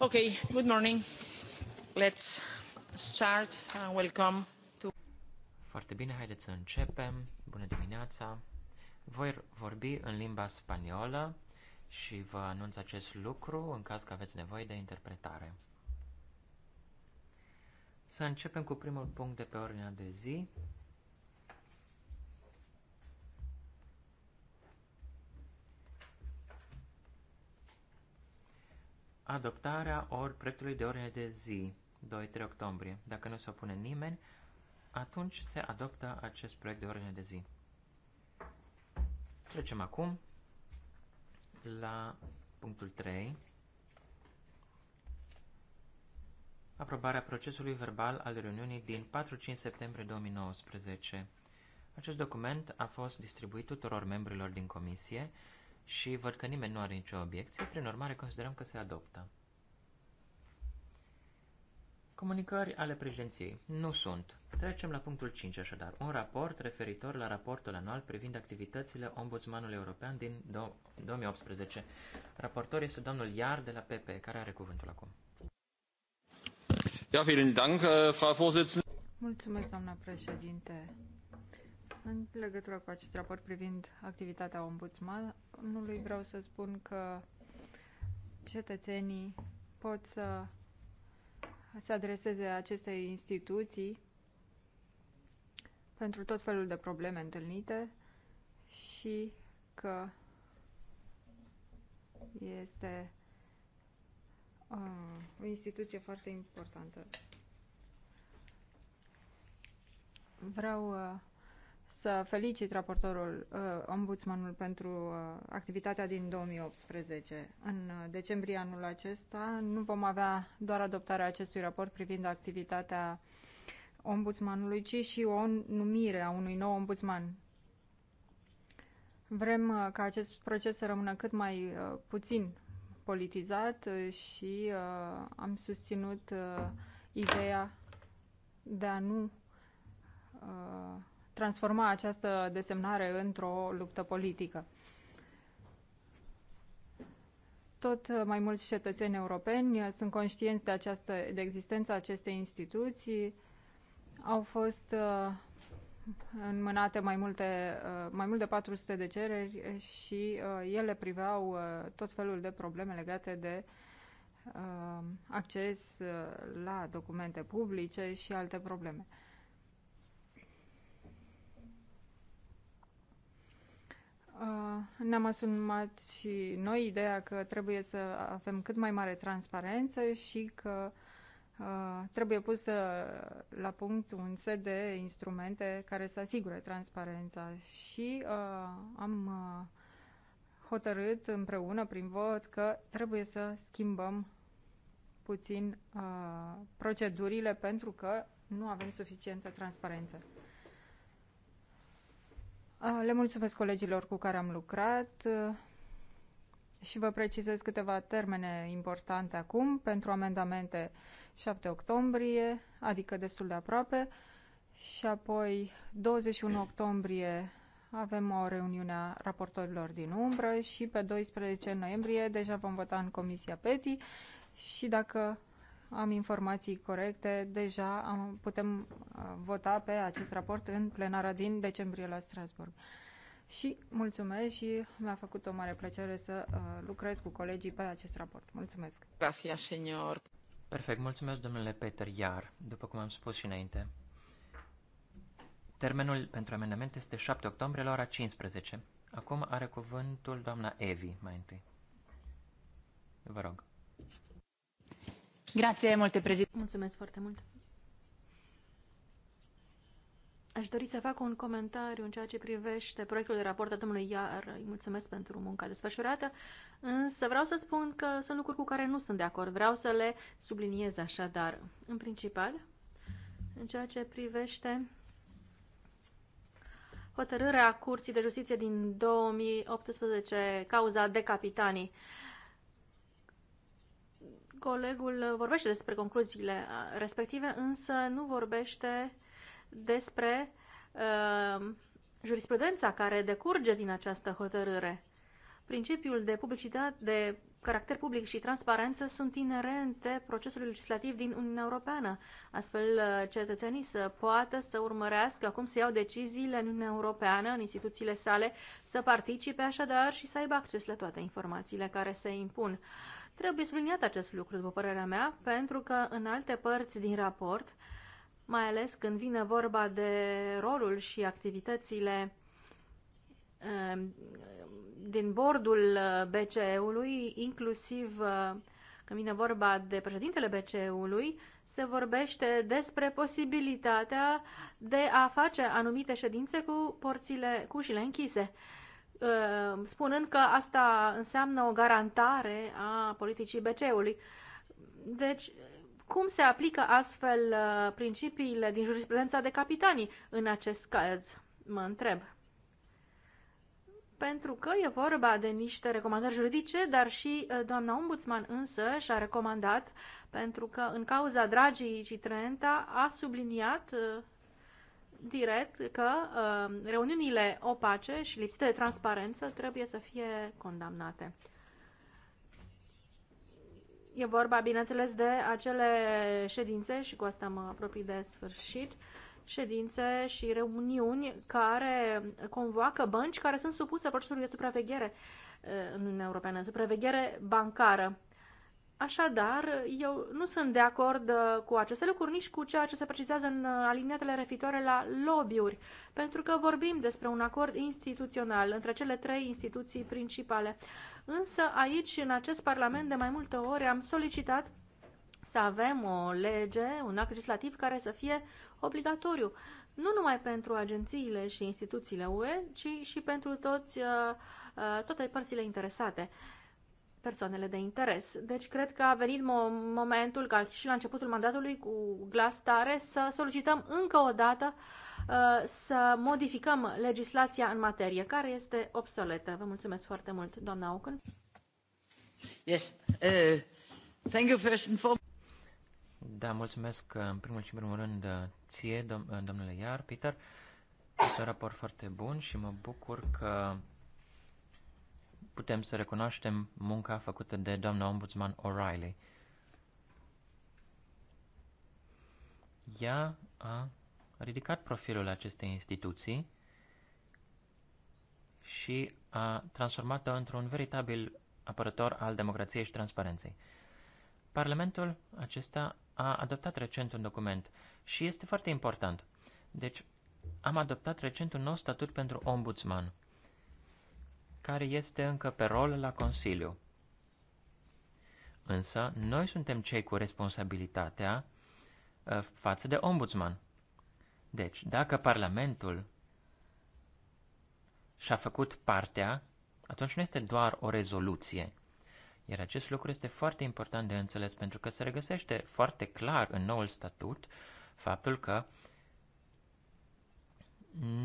Okay, good morning. Let's start and uh, welcome to... Foarte bine, haideți să începem. Bună dimineața. Voi vorbi în limba spaniolă și vă anunț acest lucru în caz că aveți nevoie de interpretare. Să începem cu primul punct de pe ordinea de zi, adoptarea ori proiectului de ordine de zi, 2-3 octombrie. Dacă nu se opune nimeni, atunci se adoptă acest proiect de ordine de zi. Trecem acum la punctul 3. Aprobarea procesului verbal al reuniunii din 4-5 septembrie 2019. Acest document a fost distribuit tuturor membrilor din comisie și văd că nimeni nu are nicio obiecție, prin urmare considerăm că se adoptă. Comunicări ale președinției. Nu sunt. Trecem la punctul 5 așadar. Un raport referitor la raportul anual privind activitățile Ombudsmanului European din 2018. Raportor este domnul Iar de la PP, care are cuvântul acum. Ja, vielen Dank, äh, Frau Vorsitzende. Mulțumesc, doamna președinte. În legătură cu acest raport privind activitatea ombudsmanului, vreau să spun că cetățenii pot să se adreseze acestei instituții pentru tot felul de probleme întâlnite și că este uh, o instituție foarte importantă. Vreau uh, să felicit raportorul uh, ombudsmanul pentru uh, activitatea din 2018. În uh, decembrie anul acesta nu vom avea doar adoptarea acestui raport privind activitatea ombudsmanului, ci și o numire a unui nou ombudsman. Vrem uh, ca acest proces să rămână cât mai uh, puțin politizat uh, și uh, am susținut uh, ideea de a nu uh, transforma această desemnare într-o luptă politică. Tot mai mulți cetățeni europeni sunt conștienți de, această, de existența acestei instituții. Au fost uh, înmânate mai, multe, uh, mai mult de 400 de cereri și uh, ele priveau tot felul de probleme legate de acces la documente publice și alte probleme. ne-am asumat și noi ideea că trebuie să avem cât mai mare transparență și că trebuie pus la punct un set de instrumente care să asigure transparența și am hotărât împreună prin vot că trebuie să schimbăm puțin procedurile pentru că nu avem suficientă transparență. Le mulțumesc colegilor cu care am lucrat și vă precizez câteva termene importante acum pentru amendamente 7 octombrie, adică destul de aproape, și apoi 21 octombrie avem o reuniune a raportorilor din umbră și pe 12 noiembrie deja vom vota în Comisia PETI și dacă am informații corecte, deja am, putem uh, vota pe acest raport în plenara din decembrie la Strasburg. Și mulțumesc și mi-a făcut o mare plăcere să uh, lucrez cu colegii pe acest raport. Mulțumesc! Grazie, señor! Perfect, mulțumesc domnule Peter Iar, după cum am spus și înainte. Termenul pentru amendament este 7 octombrie la ora 15. Acum are cuvântul doamna Evi mai întâi. Vă rog. Mulțumesc foarte mult. Aș dori să fac un comentariu în ceea ce privește proiectul de raport a domnului Iar. Îi mulțumesc pentru munca desfășurată, însă vreau să spun că sunt lucruri cu care nu sunt de acord. Vreau să le subliniez așadar. În principal, în ceea ce privește hotărârea Curții de Justiție din 2018, cauza decapitanii. Colegul vorbește despre concluziile respective, însă nu vorbește despre uh, jurisprudența care decurge din această hotărâre. Principiul de publicitate, de caracter public și transparență sunt inerente procesului legislativ din Uniunea Europeană. Astfel, uh, cetățenii să poată să urmărească cum se iau deciziile în Uniunea Europeană, în instituțiile sale, să participe așadar și să aibă acces la toate informațiile care se impun. Uh, Trebuie subliniat acest lucru, după părerea mea, pentru că în alte părți din raport, mai ales când vine vorba de rolul și activitățile ehm, din bordul eh, BCE-ului, inclusiv eh, când vine vorba de președintele BCE-ului, se vorbește despre posibilitatea de a face anumite ședințe cu porțile, cu ușile închise. Uh, spunând că asta înseamnă o garantare a politicii BCE-ului. Deci, cum se aplică astfel uh, principiile din jurisprudența de capitanii în acest caz? Mă întreb. Pentru că e vorba de niște recomandări juridice, dar și uh, doamna ombudsman însă și-a recomandat, pentru că în cauza Dragii și Trenta a subliniat direct că uh, reuniunile opace și lipsite de transparență trebuie să fie condamnate. E vorba, bineînțeles, de acele ședințe, și cu asta mă apropii de sfârșit, ședințe și reuniuni care convoacă bănci care sunt supuse procesului de supraveghere uh, în Uniunea Europeană, supraveghere bancară. Așadar, eu nu sunt de acord uh, cu aceste lucruri, nici cu ceea ce se precizează în uh, aliniatele referitoare la lobby-uri, pentru că vorbim despre un acord instituțional între cele trei instituții principale. Însă aici, în acest Parlament, de mai multe ori am solicitat să avem o lege, un act legislativ care să fie obligatoriu, nu numai pentru agențiile și instituțiile UE, ci și pentru toți, uh, toate părțile interesate persoanele de interes. Deci cred că a venit momentul, ca și la începutul mandatului, cu glas tare, să solicităm încă o dată uh, să modificăm legislația în materie, care este obsoletă. Vă mulțumesc foarte mult, doamna Aucân. Yes. Uh, thank you first and foremost. Da, mulțumesc uh, în primul și primul rând uh, ție, dom domnule Iar, Peter. Este un raport foarte bun și mă bucur că putem să recunoaștem munca făcută de doamna ombudsman O'Reilly. Ea a ridicat profilul acestei instituții și a transformat-o într-un veritabil apărător al democrației și transparenței. Parlamentul acesta a adoptat recent un document și este foarte important. Deci, am adoptat recent un nou statut pentru ombudsman care este încă pe rol la Consiliu. Însă, noi suntem cei cu responsabilitatea ă, față de ombudsman. Deci, dacă Parlamentul și-a făcut partea, atunci nu este doar o rezoluție. Iar acest lucru este foarte important de înțeles pentru că se regăsește foarte clar în noul statut faptul că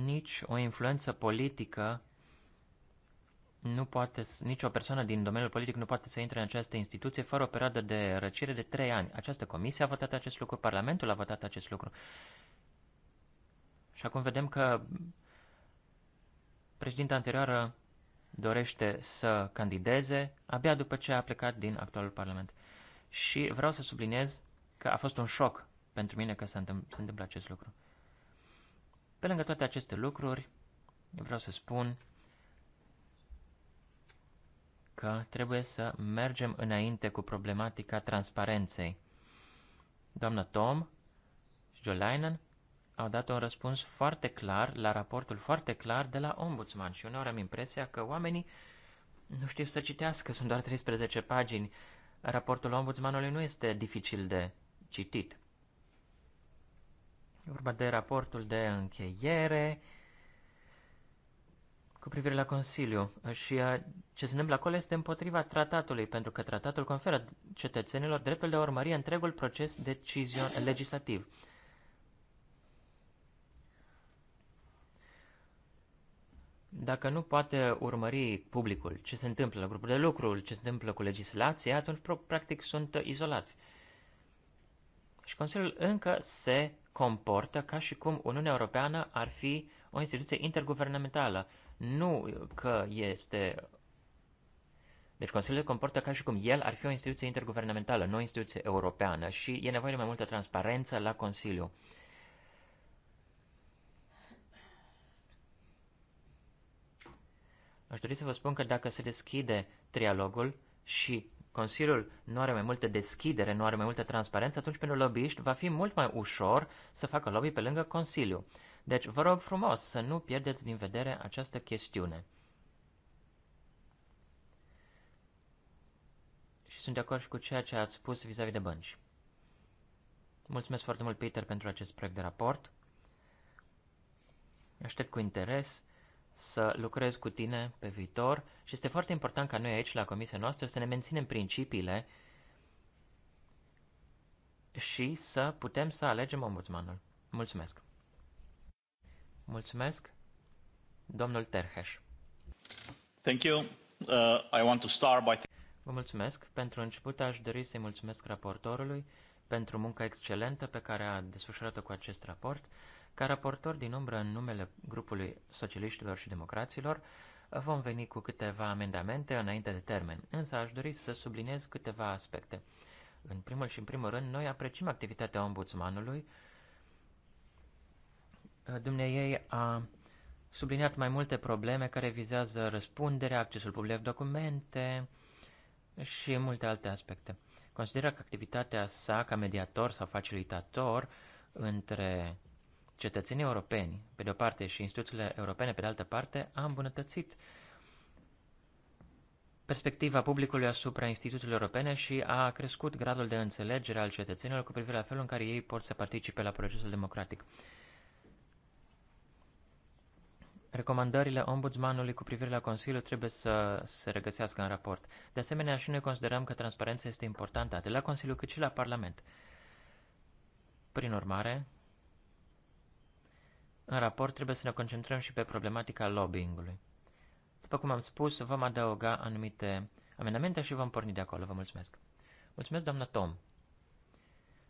nici o influență politică nu poate, nicio persoană din domeniul politic nu poate să intre în această instituție fără o perioadă de răcire de trei ani. Această comisie a votat acest lucru, Parlamentul a votat acest lucru. Și acum vedem că președinta anterioară dorește să candideze abia după ce a plecat din actualul Parlament. Și vreau să subliniez că a fost un șoc pentru mine că se întâmplă, se întâmplă acest lucru. Pe lângă toate aceste lucruri, vreau să spun că trebuie să mergem înainte cu problematica transparenței. Doamna Tom și Jolainen au dat un răspuns foarte clar la raportul foarte clar de la ombudsman și uneori am impresia că oamenii nu știu să citească, sunt doar 13 pagini. Raportul ombudsmanului nu este dificil de citit. E vorba de raportul de încheiere, cu privire la Consiliu și ce se întâmplă acolo este împotriva tratatului, pentru că tratatul conferă cetățenilor dreptul de a urmări întregul proces decizion legislativ. Dacă nu poate urmări publicul ce se întâmplă la grupul de lucru, ce se întâmplă cu legislația, atunci practic sunt izolați. Și Consiliul încă se comportă ca și cum Uniunea Europeană ar fi o instituție interguvernamentală, nu că este... Deci Consiliul se comportă ca și cum el ar fi o instituție interguvernamentală, nu o instituție europeană și e nevoie de mai multă transparență la Consiliu. Aș dori să vă spun că dacă se deschide trialogul și Consiliul nu are mai multă deschidere, nu are mai multă transparență, atunci pentru lobbyiști va fi mult mai ușor să facă lobby pe lângă Consiliu. Deci vă rog frumos să nu pierdeți din vedere această chestiune. Și sunt de acord și cu ceea ce ați spus vis-a-vis -vis de bănci. Mulțumesc foarte mult, Peter, pentru acest proiect de raport. Aștept cu interes să lucrez cu tine pe viitor și este foarte important ca noi aici, la comisia noastră, să ne menținem principiile și să putem să alegem ombudsmanul. Mulțumesc! Mulțumesc. Domnul Terheș. Thank you. Uh, I want to start by... Vă mulțumesc. Pentru început aș dori să-i mulțumesc raportorului pentru munca excelentă pe care a desfășurat-o cu acest raport. Ca raportor din umbră în numele grupului socialiștilor și democraților, vom veni cu câteva amendamente înainte de termen, însă aș dori să subliniez câteva aspecte. În primul și în primul rând, noi apreciem activitatea ombudsmanului dumneiei a subliniat mai multe probleme care vizează răspunderea, accesul public documente și multe alte aspecte. Consideră că activitatea sa ca mediator sau facilitator între cetățenii europeni, pe de o parte, și instituțiile europene, pe de altă parte, a îmbunătățit perspectiva publicului asupra instituțiilor europene și a crescut gradul de înțelegere al cetățenilor cu privire la felul în care ei pot să participe la procesul democratic. Recomandările ombudsmanului cu privire la Consiliu trebuie să se regăsească în raport. De asemenea, și noi considerăm că transparența este importantă atât la Consiliu cât și la Parlament. Prin urmare, în raport trebuie să ne concentrăm și pe problematica lobbyingului. După cum am spus, vom adăuga anumite amendamente și vom porni de acolo. Vă mulțumesc. Mulțumesc, doamnă Tom.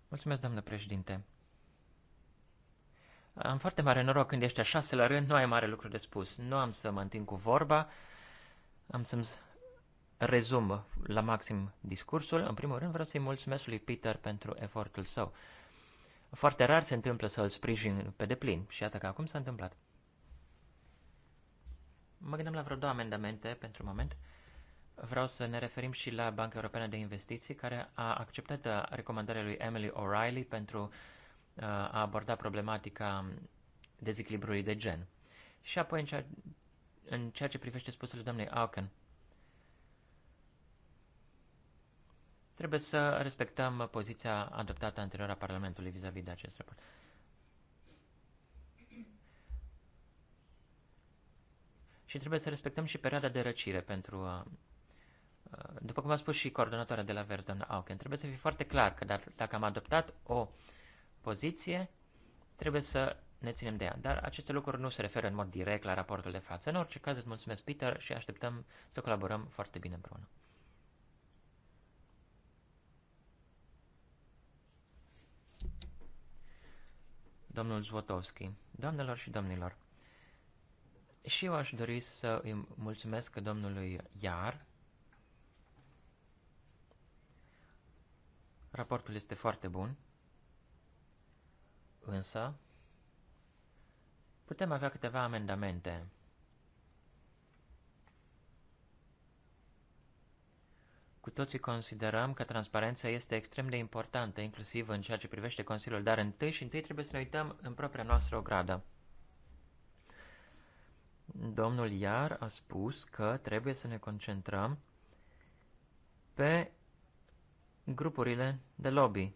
Mulțumesc, doamnă președinte. Am foarte mare noroc când ești a șase la rând, nu ai mare lucru de spus. Nu am să mă întind cu vorba, am să-mi rezum la maxim discursul. În primul rând vreau să-i mulțumesc lui Peter pentru efortul său. Foarte rar se întâmplă să îl sprijin pe deplin și iată că acum s-a întâmplat. Mă gândeam la vreo două amendamente pentru moment. Vreau să ne referim și la Banca Europeană de Investiții, care a acceptat recomandarea lui Emily O'Reilly pentru uh, a aborda problematica dezechilibrului de gen. Și apoi în ceea, în ceea ce privește spusele doamnei Auken, trebuie să respectăm poziția adoptată anterior a Parlamentului vis-a-vis -vis de acest raport. Și trebuie să respectăm și perioada de răcire pentru, uh, după cum a spus și coordonatoarea de la Verzi, doamna Auken, trebuie să fie foarte clar că da, dacă am adoptat o uh, poziție, trebuie să ne ținem de ea. Dar aceste lucruri nu se referă în mod direct la raportul de față. În orice caz, îți mulțumesc, Peter, și așteptăm să colaborăm foarte bine împreună. Domnul Zvotovski, doamnelor și domnilor, și eu aș dori să îi mulțumesc domnului Iar. Raportul este foarte bun. Însă, putem avea câteva amendamente. Cu toții considerăm că transparența este extrem de importantă, inclusiv în ceea ce privește Consiliul, dar întâi și întâi trebuie să ne uităm în propria noastră ogradă. Domnul Iar a spus că trebuie să ne concentrăm pe grupurile de lobby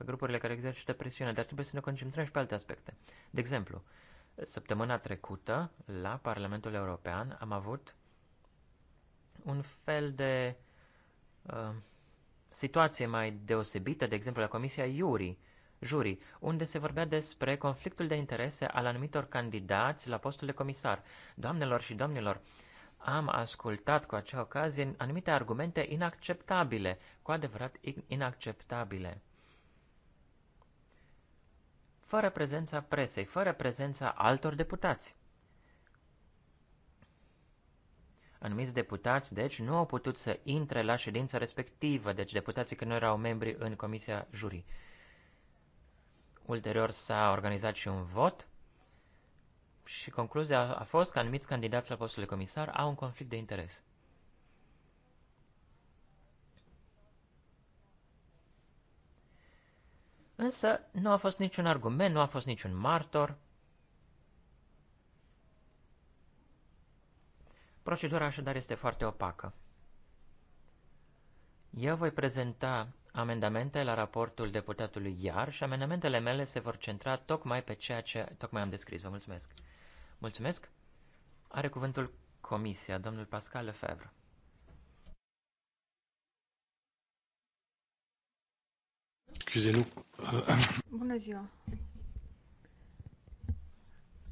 pe grupurile care exercită presiune, dar trebuie să ne concentrăm și pe alte aspecte. De exemplu, săptămâna trecută, la Parlamentul European, am avut un fel de uh, situație mai deosebită, de exemplu, la Comisia Iuri, Juri, unde se vorbea despre conflictul de interese al anumitor candidați la postul de comisar. Doamnelor și domnilor, am ascultat cu acea ocazie anumite argumente inacceptabile, cu adevărat inacceptabile fără prezența presei, fără prezența altor deputați. Anumiți deputați, deci, nu au putut să intre la ședința respectivă, deci deputații care nu erau membri în comisia jurii. Ulterior s-a organizat și un vot și concluzia a fost că anumiți candidați la postul de comisar au un conflict de interes. Însă nu a fost niciun argument, nu a fost niciun martor. Procedura așadar este foarte opacă. Eu voi prezenta amendamente la raportul deputatului Iar și amendamentele mele se vor centra tocmai pe ceea ce tocmai am descris. Vă mulțumesc! Mulțumesc! Are cuvântul Comisia, domnul Pascal Lefebvre. Excusez-nous. Bună ziua.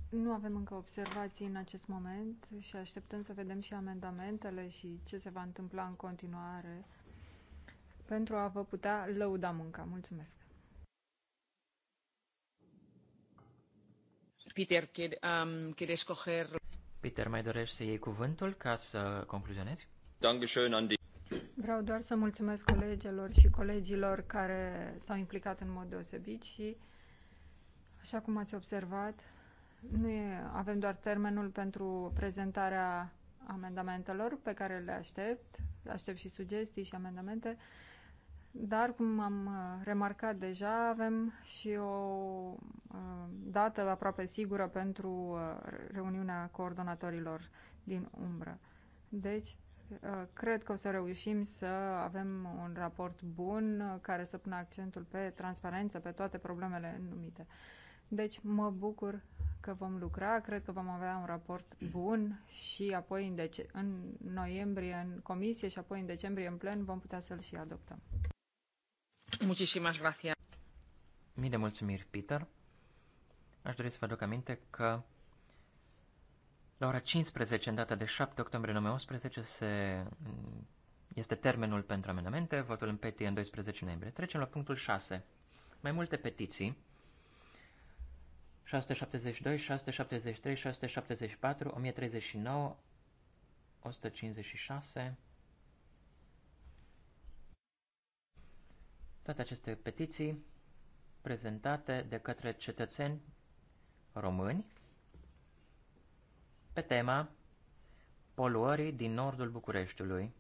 Nu avem încă observații în acest moment și așteptăm să vedem și amendamentele și ce se va întâmpla în continuare pentru a vă putea lăuda munca. Mulțumesc. Peter, um, Peter, mai dorești să iei cuvântul ca să concluzionezi? Vreau doar să mulțumesc colegelor și colegilor care s-au implicat în mod deosebit și, așa cum ați observat, nu e, avem doar termenul pentru prezentarea amendamentelor pe care le aștept, aștept și sugestii și amendamente, dar, cum am uh, remarcat deja, avem și o uh, dată aproape sigură pentru uh, reuniunea coordonatorilor din umbră. Deci, Uh, cred că o să reușim să avem un raport bun uh, care să pună accentul pe transparență, pe toate problemele numite. Deci mă bucur că vom lucra, cred că vom avea un raport bun și apoi în, dece- în noiembrie în comisie și apoi în decembrie în plen vom putea să-l și adoptăm. Muchísimas gracias. Mii de mulțumiri, Peter. Aș dori să vă aduc aminte că la ora 15, în data de 7 octombrie 2011, se... este termenul pentru amendamente, votul în petie în 12 noiembrie. Trecem la punctul 6. Mai multe petiții. 672, 673, 674, 1039, 156. Toate aceste petiții prezentate de către cetățeni români pe tema poluării din nordul Bucureștiului,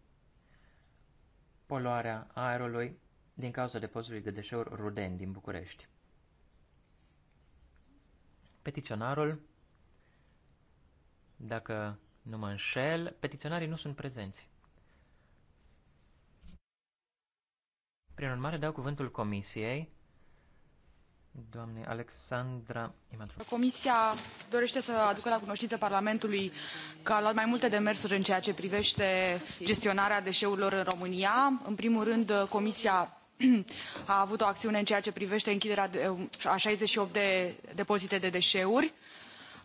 poluarea aerului din cauza depozitului de deșeuri rudeni din București. Petiționarul, dacă nu mă înșel, petiționarii nu sunt prezenți. Prin urmare, dau cuvântul comisiei Alexandra Imatru. Comisia dorește să aducă la cunoștință Parlamentului că a luat mai multe demersuri în ceea ce privește gestionarea deșeurilor în România. În primul rând, Comisia a avut o acțiune în ceea ce privește închiderea a 68 de depozite de deșeuri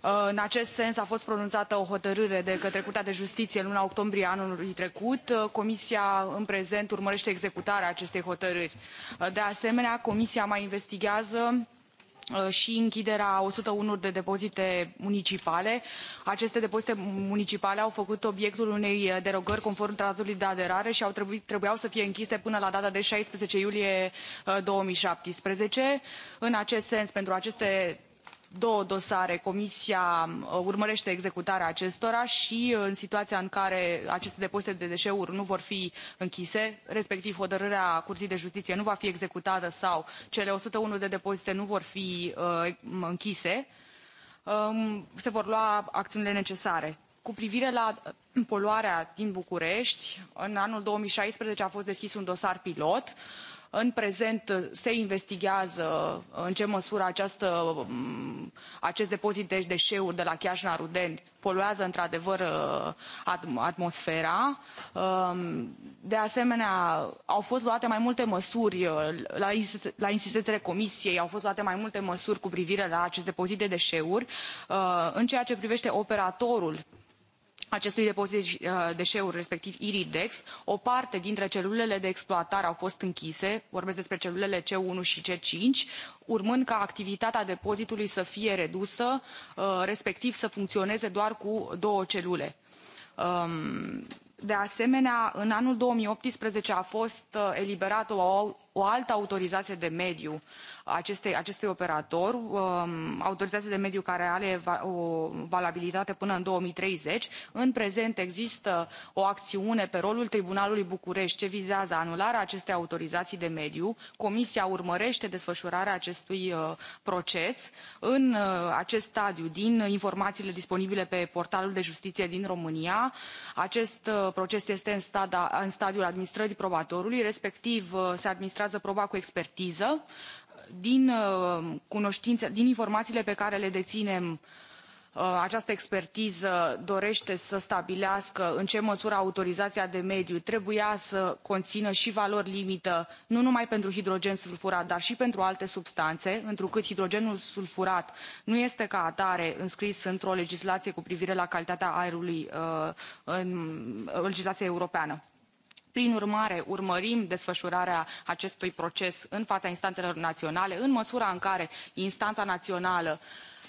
Uh, în acest sens a fost pronunțată o hotărâre de către curtea de justiție în luna octombrie a anului trecut uh, comisia în prezent urmărește executarea acestei hotărâri. Uh, de asemenea comisia mai investighează și închiderea o sută unu de depozite municipale aceste depozite municipale au făcut obiectul unei derogări conform tratatului de aderare și trebuit, trebuiau să fie închise până la data de șaisprezece iulie două mii șaptesprezece în acest sens pentru aceste două dosare comisia uh, urmărește executarea acestora și uh, în situația în care aceste depozite de deșeuri nu vor fi închise respectiv hotărârea curții de justiție nu va fi executată sau cele o sută unu de depozite nu vor fi uh, închise um, se vor lua acțiunile necesare. cu privire la poluarea din bucurești în anul două mii șaisprezece a fost deschis un dosar pilot în în prezent uh, se investighează uh, în ce măsură această, mm, acest depozit de deșeuri de la Chiajna Rudeni poluează într adevăr uh, atmosfera. Um, de asemenea, au fost luate mai multe măsuri la insistențele comisiei, au fost luate mai multe măsuri cu privire la acest depozit de deșeuri. În ceea ce privește operatorul acestui depozit uh, deșeuri, respectiv Iridex, o parte dintre celulele de exploatare au fost închise, vorbesc despre celulele C1 și C5, urmând ca activitatea depozitului să fie redusă, uh, respectiv să funcționeze doar cu două celule. Um, de asemenea, în anul 2018 a fost uh, eliberată o o altă autorizație de mediu acestei, acestui operator, um, autorizație de mediu care are o valabilitate până în 2030. În prezent există o acțiune pe rolul Tribunalului București ce vizează anularea acestei autorizații de mediu. Comisia urmărește desfășurarea acestui uh, proces. În uh, acest stadiu, din informațiile disponibile pe portalul de justiție din România, acest uh, proces este în, stada, în stadiul administrării probatorului, respectiv se administrează administrează proba cu expertiză. Din, uh, din informațiile pe care le deținem, uh, această expertiză dorește să stabilească în ce măsură autorizația de mediu trebuia să conțină și valori limită, nu numai pentru hidrogen sulfurat, dar și pentru alte substanțe, întrucât hidrogenul sulfurat nu este ca atare înscris într-o legislație cu privire la calitatea aerului uh, în legislația europeană prin urmare, urmărim desfășurarea acestui proces în fața instanțelor naționale, în măsura în care instanța națională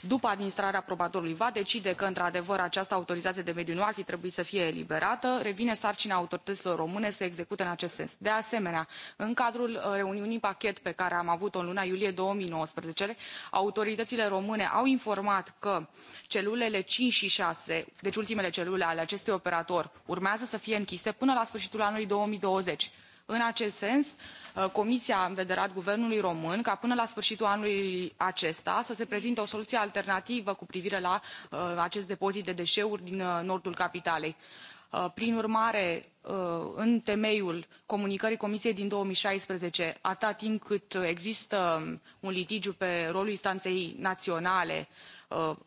după administrarea probatorului va decide că într adevăr această autorizație de mediu nu ar fi trebuit să fie eliberată revine sarcina autorităților române să execute în acest sens. de asemenea în cadrul uh, reuniunii pachet pe care am avut o în luna iulie două mii nouăsprezece autoritățile române au informat că celulele cinci și șase deci ultimele celule ale acestui operator urmează să fie închise până la sfârșitul anului două mii douăzeci în acest sens uh, comisia a învederat guvernului român ca până la sfârșitul anului acesta să se prezinte o soluție alternativă cu privire la uh, acest depozit de deșeuri din uh, nordul capitalei. prin urmare în temeiul comunicării comisiei din două mii șaisprezece atâta timp cât există um, un litigiu pe rolul instanței naționale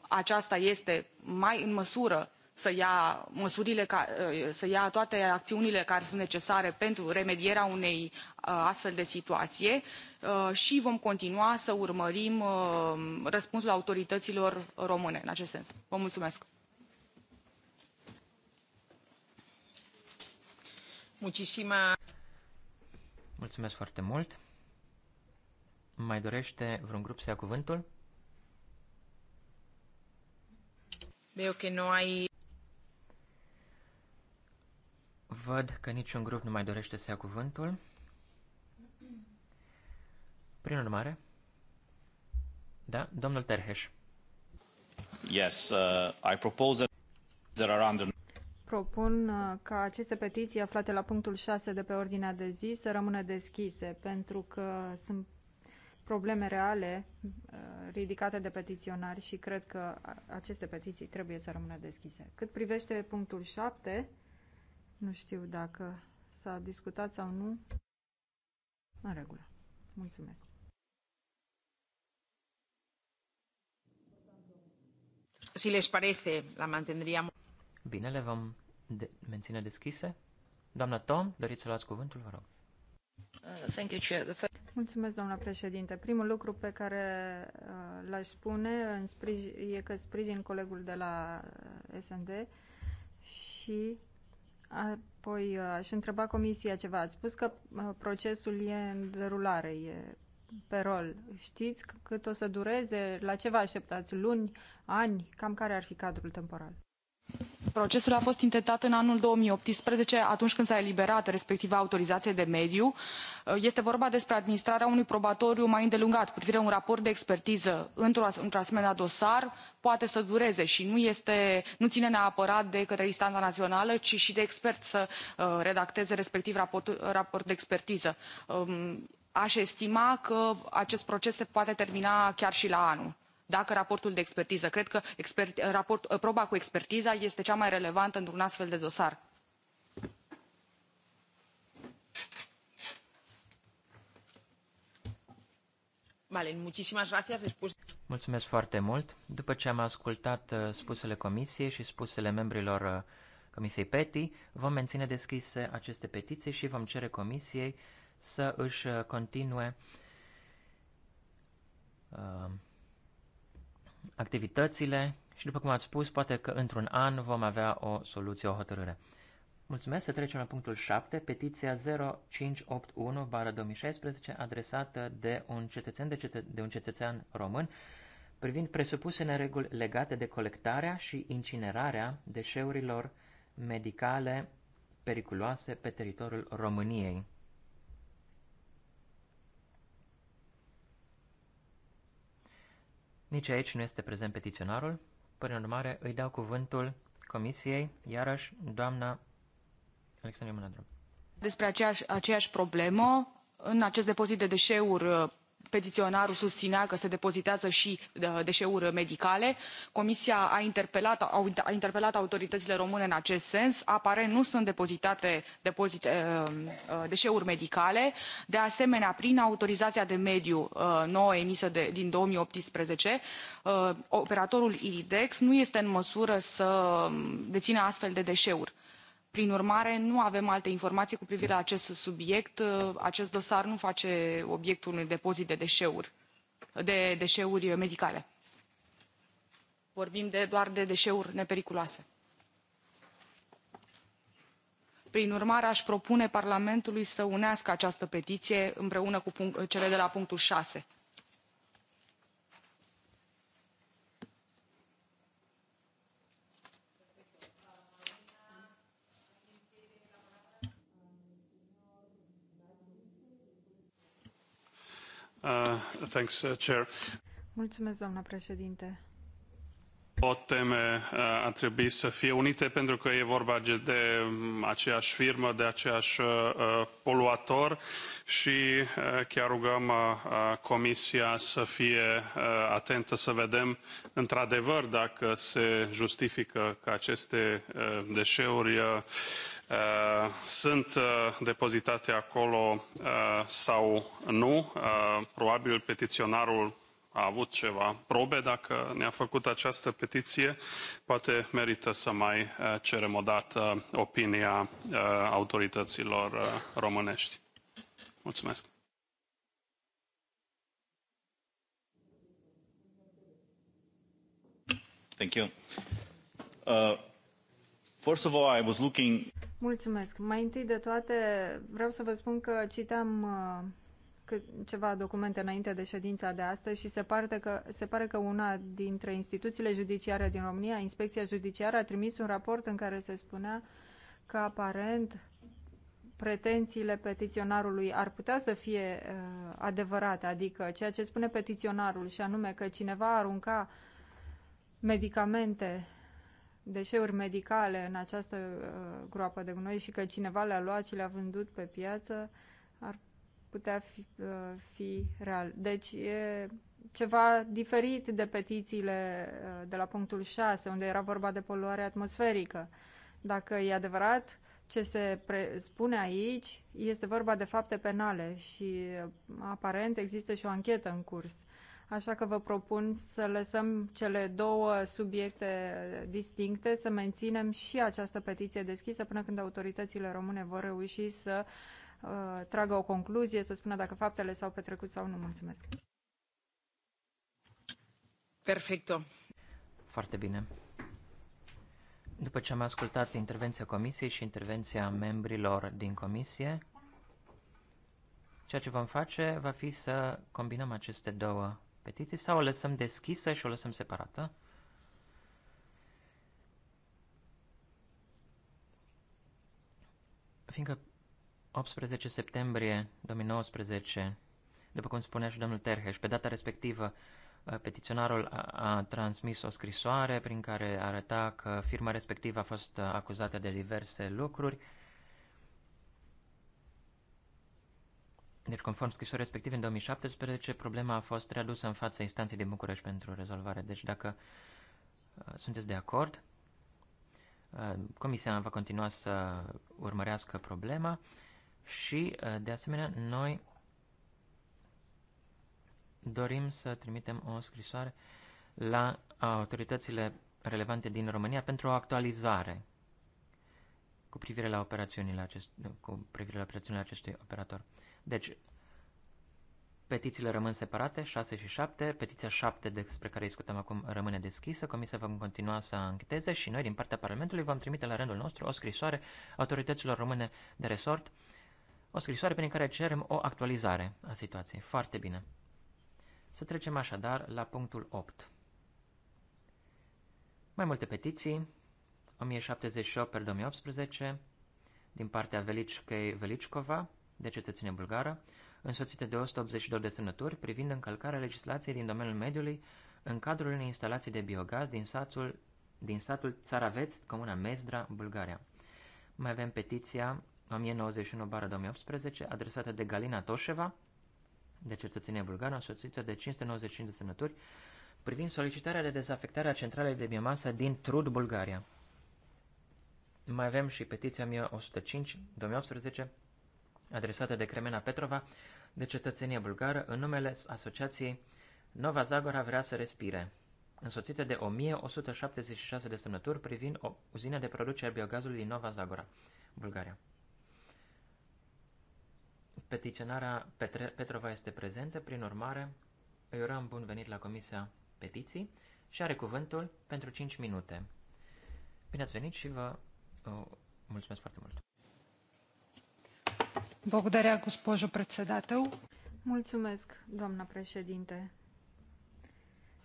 aceasta este mai în măsură să ia măsurile, ca, uh, să ia toate acțiunile care sunt necesare pentru remedierea unei uh, astfel de situație uh, și vom continua să urmărim răspunsul autorităților române în acest sens. Vă mulțumesc! Muchisima. Mulțumesc foarte mult! Mai dorește vreun grup să ia cuvântul? Veo că nu ai... Văd că niciun grup nu mai dorește să ia cuvântul. Prin urmare, da, domnul Terheș. Yes, uh, I propose that are under... Propun uh, ca aceste petiții aflate la punctul 6 de pe ordinea de zi să rămână deschise, pentru că sunt probleme reale uh, ridicate de petiționari și cred că aceste petiții trebuie să rămână deschise. Cât privește punctul 7, nu știu dacă s-a discutat sau nu. În regulă. Mulțumesc. Si les parece, la mantendríamos. Bine, le vom de- menține deschise. Doamna Tom, doriți să luați cuvântul, vă rog. Uh, thank you, Chair. The Mulțumesc, doamna președinte. Primul lucru pe care uh, l-aș spune în sprijin, e că sprijin colegul de la uh, SND și Apoi uh, aș întreba comisia ceva. Ați spus că uh, procesul e în derulare, e pe rol. Știți cât o să dureze? La ce vă așteptați? Luni? Ani? Cam care ar fi cadrul temporal? Procesul a fost intentat în anul 2018, atunci când s-a eliberat respectiva autorizație de mediu. Este vorba despre administrarea unui probatoriu mai îndelungat cu privire un raport de expertiză într-un asemenea dosar. Poate să dureze și nu, este, nu ține neapărat de către instanța națională, ci și de expert să uh, redacteze respectiv raport, raport de expertiză. Um, aș estima că acest proces se poate termina chiar și la anul dacă raportul de expertiză cred că expert, raport, proba cu expertiza este cea mai relevantă într un astfel de dosar. Vale, muchísimas gracias. Después... Mulțumesc foarte mult. După ce am ascultat uh, spusele comisiei și spusele membrilor uh, Comisiei PETI, vom menține deschise aceste petiții și vom cere comisiei să își uh, continue uh, activitățile și, după cum ați spus, poate că într-un an vom avea o soluție, o hotărâre. Mulțumesc, să trecem la punctul 7, petiția 0581-2016, adresată de un, cetățen, de, cetă- de un cetățean român, privind presupusele reguli legate de colectarea și incinerarea deșeurilor medicale periculoase pe teritoriul României. Nici aici nu este prezent petiționarul, prin urmare îi dau cuvântul comisiei, iarăși doamna Alexandru Mânădru. Despre aceeași, aceeași problemă, în acest depozit de deșeuri petiționarul susținea că se depozitează și uh, deșeuri medicale comisia a interpelat, a interpelat autoritățile române în acest sens aparent nu sunt depozitate depozite, uh, uh, deșeuri medicale de asemenea prin autorizația de mediu nouă emisă de, din două mii optsprezece operatorul iridex nu este în măsură să um, dețină astfel de deșeuri prin urmare, nu avem alte informații cu privire la acest subiect. Acest dosar nu face obiectul unui depozit de deșeuri, de deșeuri medicale. Vorbim de, doar de deșeuri nepericuloase. Prin urmare, aș propune Parlamentului să unească această petiție împreună cu punct, cele de la punctul 6 Uh, uh, Mulțumesc, doamna președinte. O teme uh, a trebuit să fie unite pentru că e vorba de mm, aceeași firmă, de aceeași poluator și chiar rugăm Comisia să fie atentă să vedem într-adevăr dacă se justifică că aceste deșeuri Uh, sunt uh, depozitate acolo uh, sau nu. Probabil petiționarul a avut ceva probe dacă ne-a făcut această petiție. Poate merită să mai cerem o dată opinia autorităților românești. Mulțumesc! Thank you. Uh, first of all, I was looking Mulțumesc. Mai întâi de toate, vreau să vă spun că citeam uh, ceva documente înainte de ședința de astăzi și se pare, că, se pare că una dintre instituțiile judiciare din România, Inspecția Judiciară, a trimis un raport în care se spunea că aparent pretențiile petiționarului ar putea să fie uh, adevărate, adică ceea ce spune petiționarul și anume că cineva arunca medicamente deșeuri medicale în această uh, groapă de gunoi și că cineva le-a luat și le-a vândut pe piață, ar putea fi, uh, fi real. Deci e ceva diferit de petițiile uh, de la punctul 6, unde era vorba de poluare atmosferică. Dacă e adevărat ce se spune aici, este vorba de fapte penale și aparent există și o anchetă în curs. Așa că vă propun să lăsăm cele două subiecte distincte, să menținem și această petiție deschisă până când autoritățile române vor reuși să uh, tragă o concluzie, să spună dacă faptele s-au petrecut sau nu. Mulțumesc. Perfecto. Foarte bine. După ce am ascultat intervenția comisiei și intervenția membrilor din comisie, ceea ce vom face va fi să combinăm aceste două Petiție sau o lăsăm deschisă și o lăsăm separată? Fiindcă 18 septembrie 2019, după cum spunea și domnul Terheș, pe data respectivă, uh, petiționarul a, a transmis o scrisoare prin care arăta că firma respectivă a fost uh, acuzată de diverse lucruri, Deci, conform scrisorii respective, în 2017, problema a fost readusă în fața instanței din București pentru rezolvare. Deci, dacă uh, sunteți de acord, uh, comisia va continua să urmărească problema și, uh, de asemenea, noi dorim să trimitem o scrisoare la autoritățile relevante din România pentru o actualizare cu privire la operațiunile, acest, cu privire la operațiunile acestui operator. Deci, petițiile rămân separate, 6 și 7. Petiția 7, despre care discutăm acum, rămâne deschisă. Comisia va continua să ancheteze și noi, din partea Parlamentului, vom trimite la rândul nostru o scrisoare autorităților române de resort, o scrisoare prin care cerem o actualizare a situației. Foarte bine. Să trecem așadar la punctul 8. Mai multe petiții, 1078 per 2018, din partea Velicicăi Velicicova, de cetățenie bulgară, însoțite de 182 de semnături privind încălcarea legislației din domeniul mediului în cadrul unei instalații de biogaz din satul, din satul Țaraveț, comuna Mezdra, Bulgaria. Mai avem petiția 1091-2018, adresată de Galina Toșeva, de cetățenie bulgară, însoțită de 595 de semnături, privind solicitarea de dezafectare a centralei de biomasă din Trud, Bulgaria. Mai avem și petiția 1105-2018, adresată de Cremena Petrova de cetățenie bulgară în numele asociației Nova Zagora vrea să respire, însoțită de 1176 de semnături privind o uzină de producere a biogazului din Nova Zagora, Bulgaria. Petiționarea Petre Petrova este prezentă, prin urmare îi urăm bun venit la Comisia Petiții și are cuvântul pentru 5 minute. Bine ați venit și vă uh, mulțumesc foarte mult! doamnă госпожо Mulțumesc, președinte.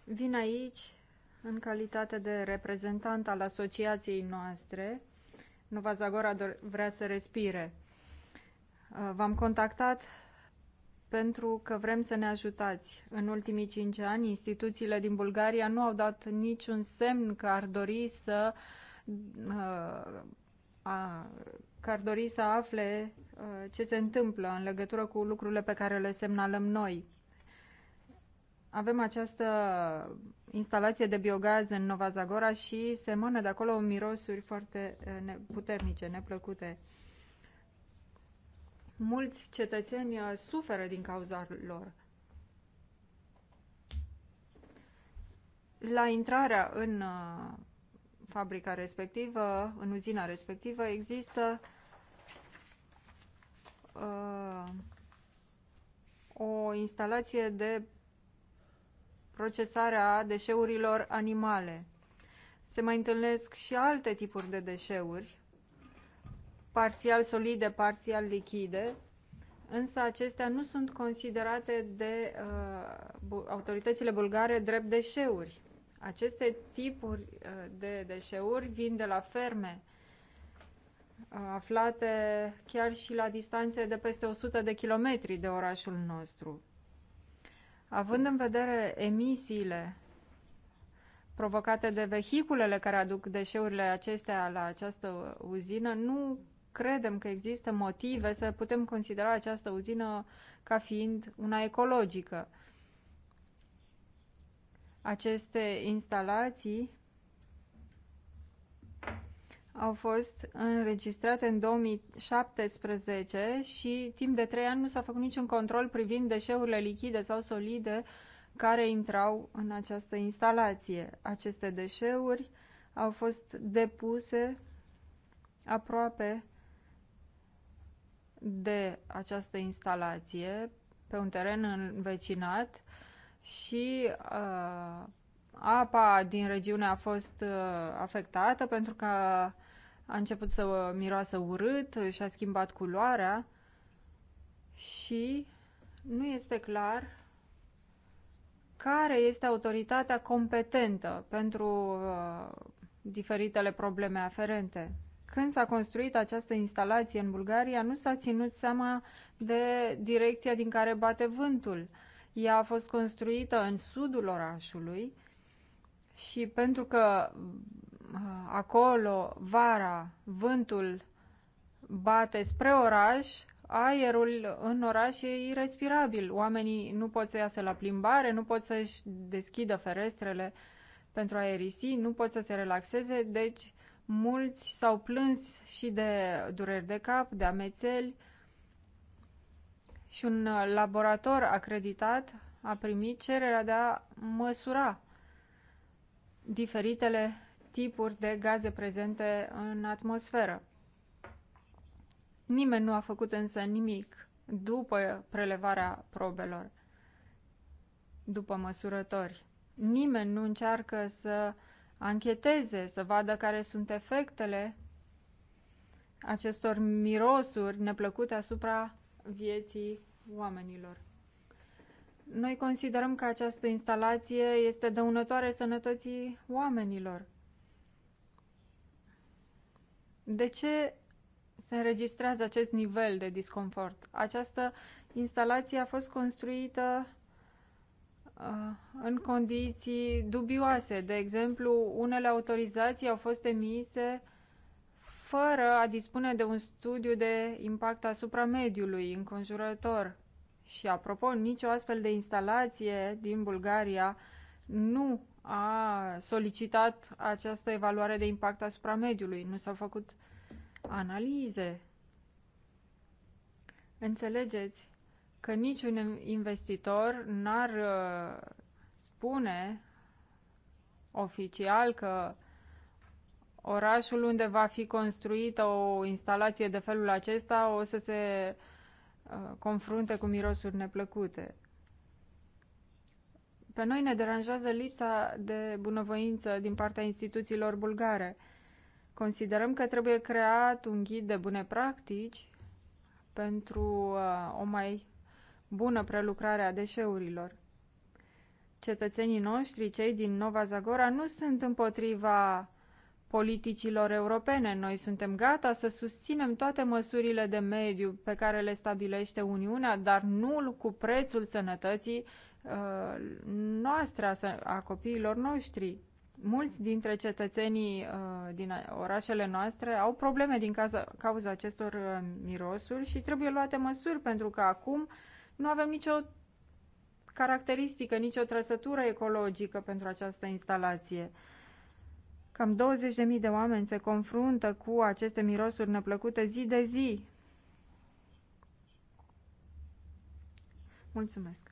Vin aici în calitate de reprezentant al asociației noastre. Nova Zagora vrea să respire. Uh, v-am contactat pentru că vrem să ne ajutați. În ultimii cinci ani, instituțiile din Bulgaria nu au dat niciun semn că ar dori să uh, a, că ar dori să afle uh, ce se întâmplă în legătură cu lucrurile pe care le semnalăm noi. Avem această instalație de biogaz în Nova Zagora și se mână de acolo mirosuri foarte uh, puternice, neplăcute. Mulți cetățeni uh, suferă din cauza lor. La intrarea în fabrica respectivă, în uzina respectivă, există uh, o instalație de procesare a deșeurilor animale. Se mai întâlnesc și alte tipuri de deșeuri, parțial solide, parțial lichide, însă acestea nu sunt considerate de uh, autoritățile bulgare drept deșeuri. Aceste tipuri uh, de deșeuri vin de la ferme aflate chiar și la distanțe de peste 100 de kilometri de orașul nostru. Având în vedere emisiile provocate de vehiculele care aduc deșeurile acestea la această uzină, nu credem că există motive să putem considera această uzină ca fiind una ecologică. Aceste instalații au fost înregistrate în 2017 și timp de 3 ani nu s-a făcut niciun control privind deșeurile lichide sau solide care intrau în această instalație. Aceste deșeuri au fost depuse aproape de această instalație, pe un teren învecinat și uh, apa din regiune a fost uh, afectată pentru că a început să miroasă urât, și-a schimbat culoarea și nu este clar care este autoritatea competentă pentru uh, diferitele probleme aferente. Când s-a construit această instalație în Bulgaria, nu s-a ținut seama de direcția din care bate vântul. Ea a fost construită în sudul orașului și pentru că Ah, acolo vara vântul bate spre oraș, aerul în oraș e irrespirabil. Oamenii nu pot să iasă la plimbare, nu pot să-și deschidă ferestrele pentru a aerisi, nu pot să se relaxeze, deci mulți s-au plâns și de dureri de cap, de amețeli și un laborator acreditat a primit cererea de a măsura diferitele tipuri de gaze prezente în atmosferă. Nimeni nu a făcut însă nimic după prelevarea probelor, după măsurători. Nimeni nu încearcă să ancheteze, să vadă care sunt efectele acestor mirosuri neplăcute asupra vieții oamenilor. Noi considerăm că această instalație este dăunătoare sănătății oamenilor. De ce se înregistrează acest nivel de disconfort? Această instalație a fost construită uh, în condiții dubioase. De exemplu, unele autorizații au fost emise fără a dispune de un studiu de impact asupra mediului înconjurător. Și apropo, nicio astfel de instalație din Bulgaria nu a solicitat această evaluare de impact asupra mediului. Nu s-au făcut analize. Înțelegeți că niciun investitor n-ar uh, spune oficial că orașul unde va fi construită o instalație de felul acesta o să se uh, confrunte cu mirosuri neplăcute. Pe noi ne deranjează lipsa de bunăvoință din partea instituțiilor bulgare. Considerăm că trebuie creat un ghid de bune practici pentru uh, o mai bună prelucrare a deșeurilor. Cetățenii noștri, cei din Nova Zagora, nu sunt împotriva politicilor europene. Noi suntem gata să susținem toate măsurile de mediu pe care le stabilește Uniunea, dar nu cu prețul sănătății uh, noastre, a copiilor noștri. Mulți dintre cetățenii uh, din orașele noastre au probleme din cauza, cauza acestor uh, mirosuri și trebuie luate măsuri pentru că acum nu avem nicio caracteristică, nicio trăsătură ecologică pentru această instalație. Cam 20.000 de oameni se confruntă cu aceste mirosuri neplăcute zi de zi. Mulțumesc!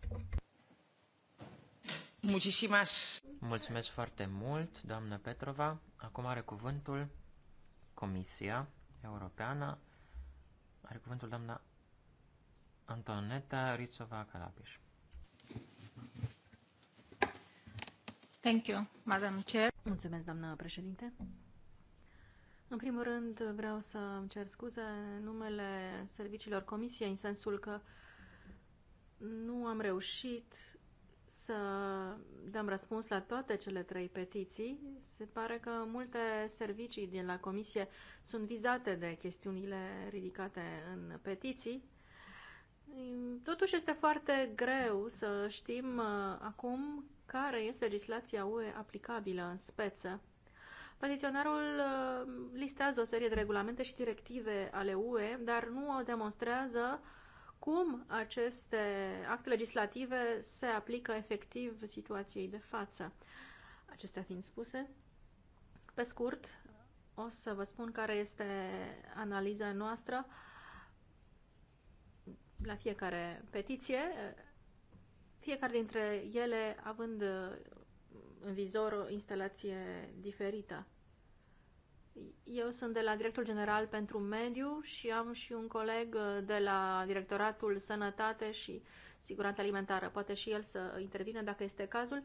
Mulțumesc! Mulțumesc foarte mult, doamnă Petrova. Acum are cuvântul Comisia Europeană. Are cuvântul doamna Antoneta Rizova Calapiș. Thank you, Madam Chair. Mulțumesc, doamnă președinte. În primul rând, vreau să îmi cer scuze numele serviciilor comisiei, în sensul că nu am reușit să dăm răspuns la toate cele trei petiții. Se pare că multe servicii din la comisie sunt vizate de chestiunile ridicate în petiții Totuși este foarte greu să știm uh, acum care este legislația UE aplicabilă în speță. Petiționarul uh, listează o serie de regulamente și directive ale UE, dar nu o demonstrează cum aceste acte legislative se aplică efectiv situației de față. Acestea fiind spuse, pe scurt, o să vă spun care este analiza noastră la fiecare petiție, fiecare dintre ele având uh, în vizor o instalație diferită. Eu sunt de la directorul General pentru Mediu și am și un coleg uh, de la Directoratul Sănătate și Siguranță Alimentară. Poate și el să intervine dacă este cazul.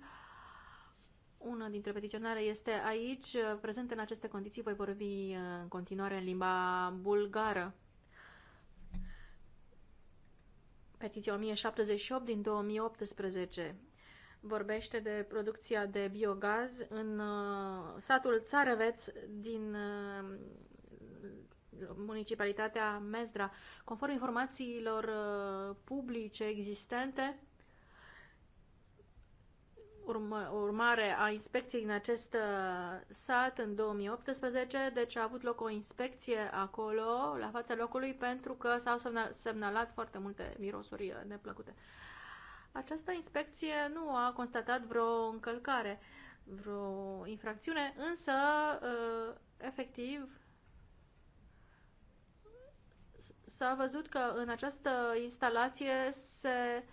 Una dintre petiționare este aici. Prezent în aceste condiții voi vorbi uh, în continuare în limba bulgară. Petiția 1078 din 2018 vorbește de producția de biogaz în uh, satul Țarăveț din uh, municipalitatea Mezdra. Conform informațiilor uh, publice existente, urmă, urmare a inspecției în acest uh, sat în 2018, deci a avut loc o inspecție acolo, la fața locului, pentru că s-au semnalat foarte multe mirosuri uh, neplăcute. Această inspecție nu a constatat vreo încălcare, vreo infracțiune, însă, uh, efectiv, s-a văzut că în această instalație se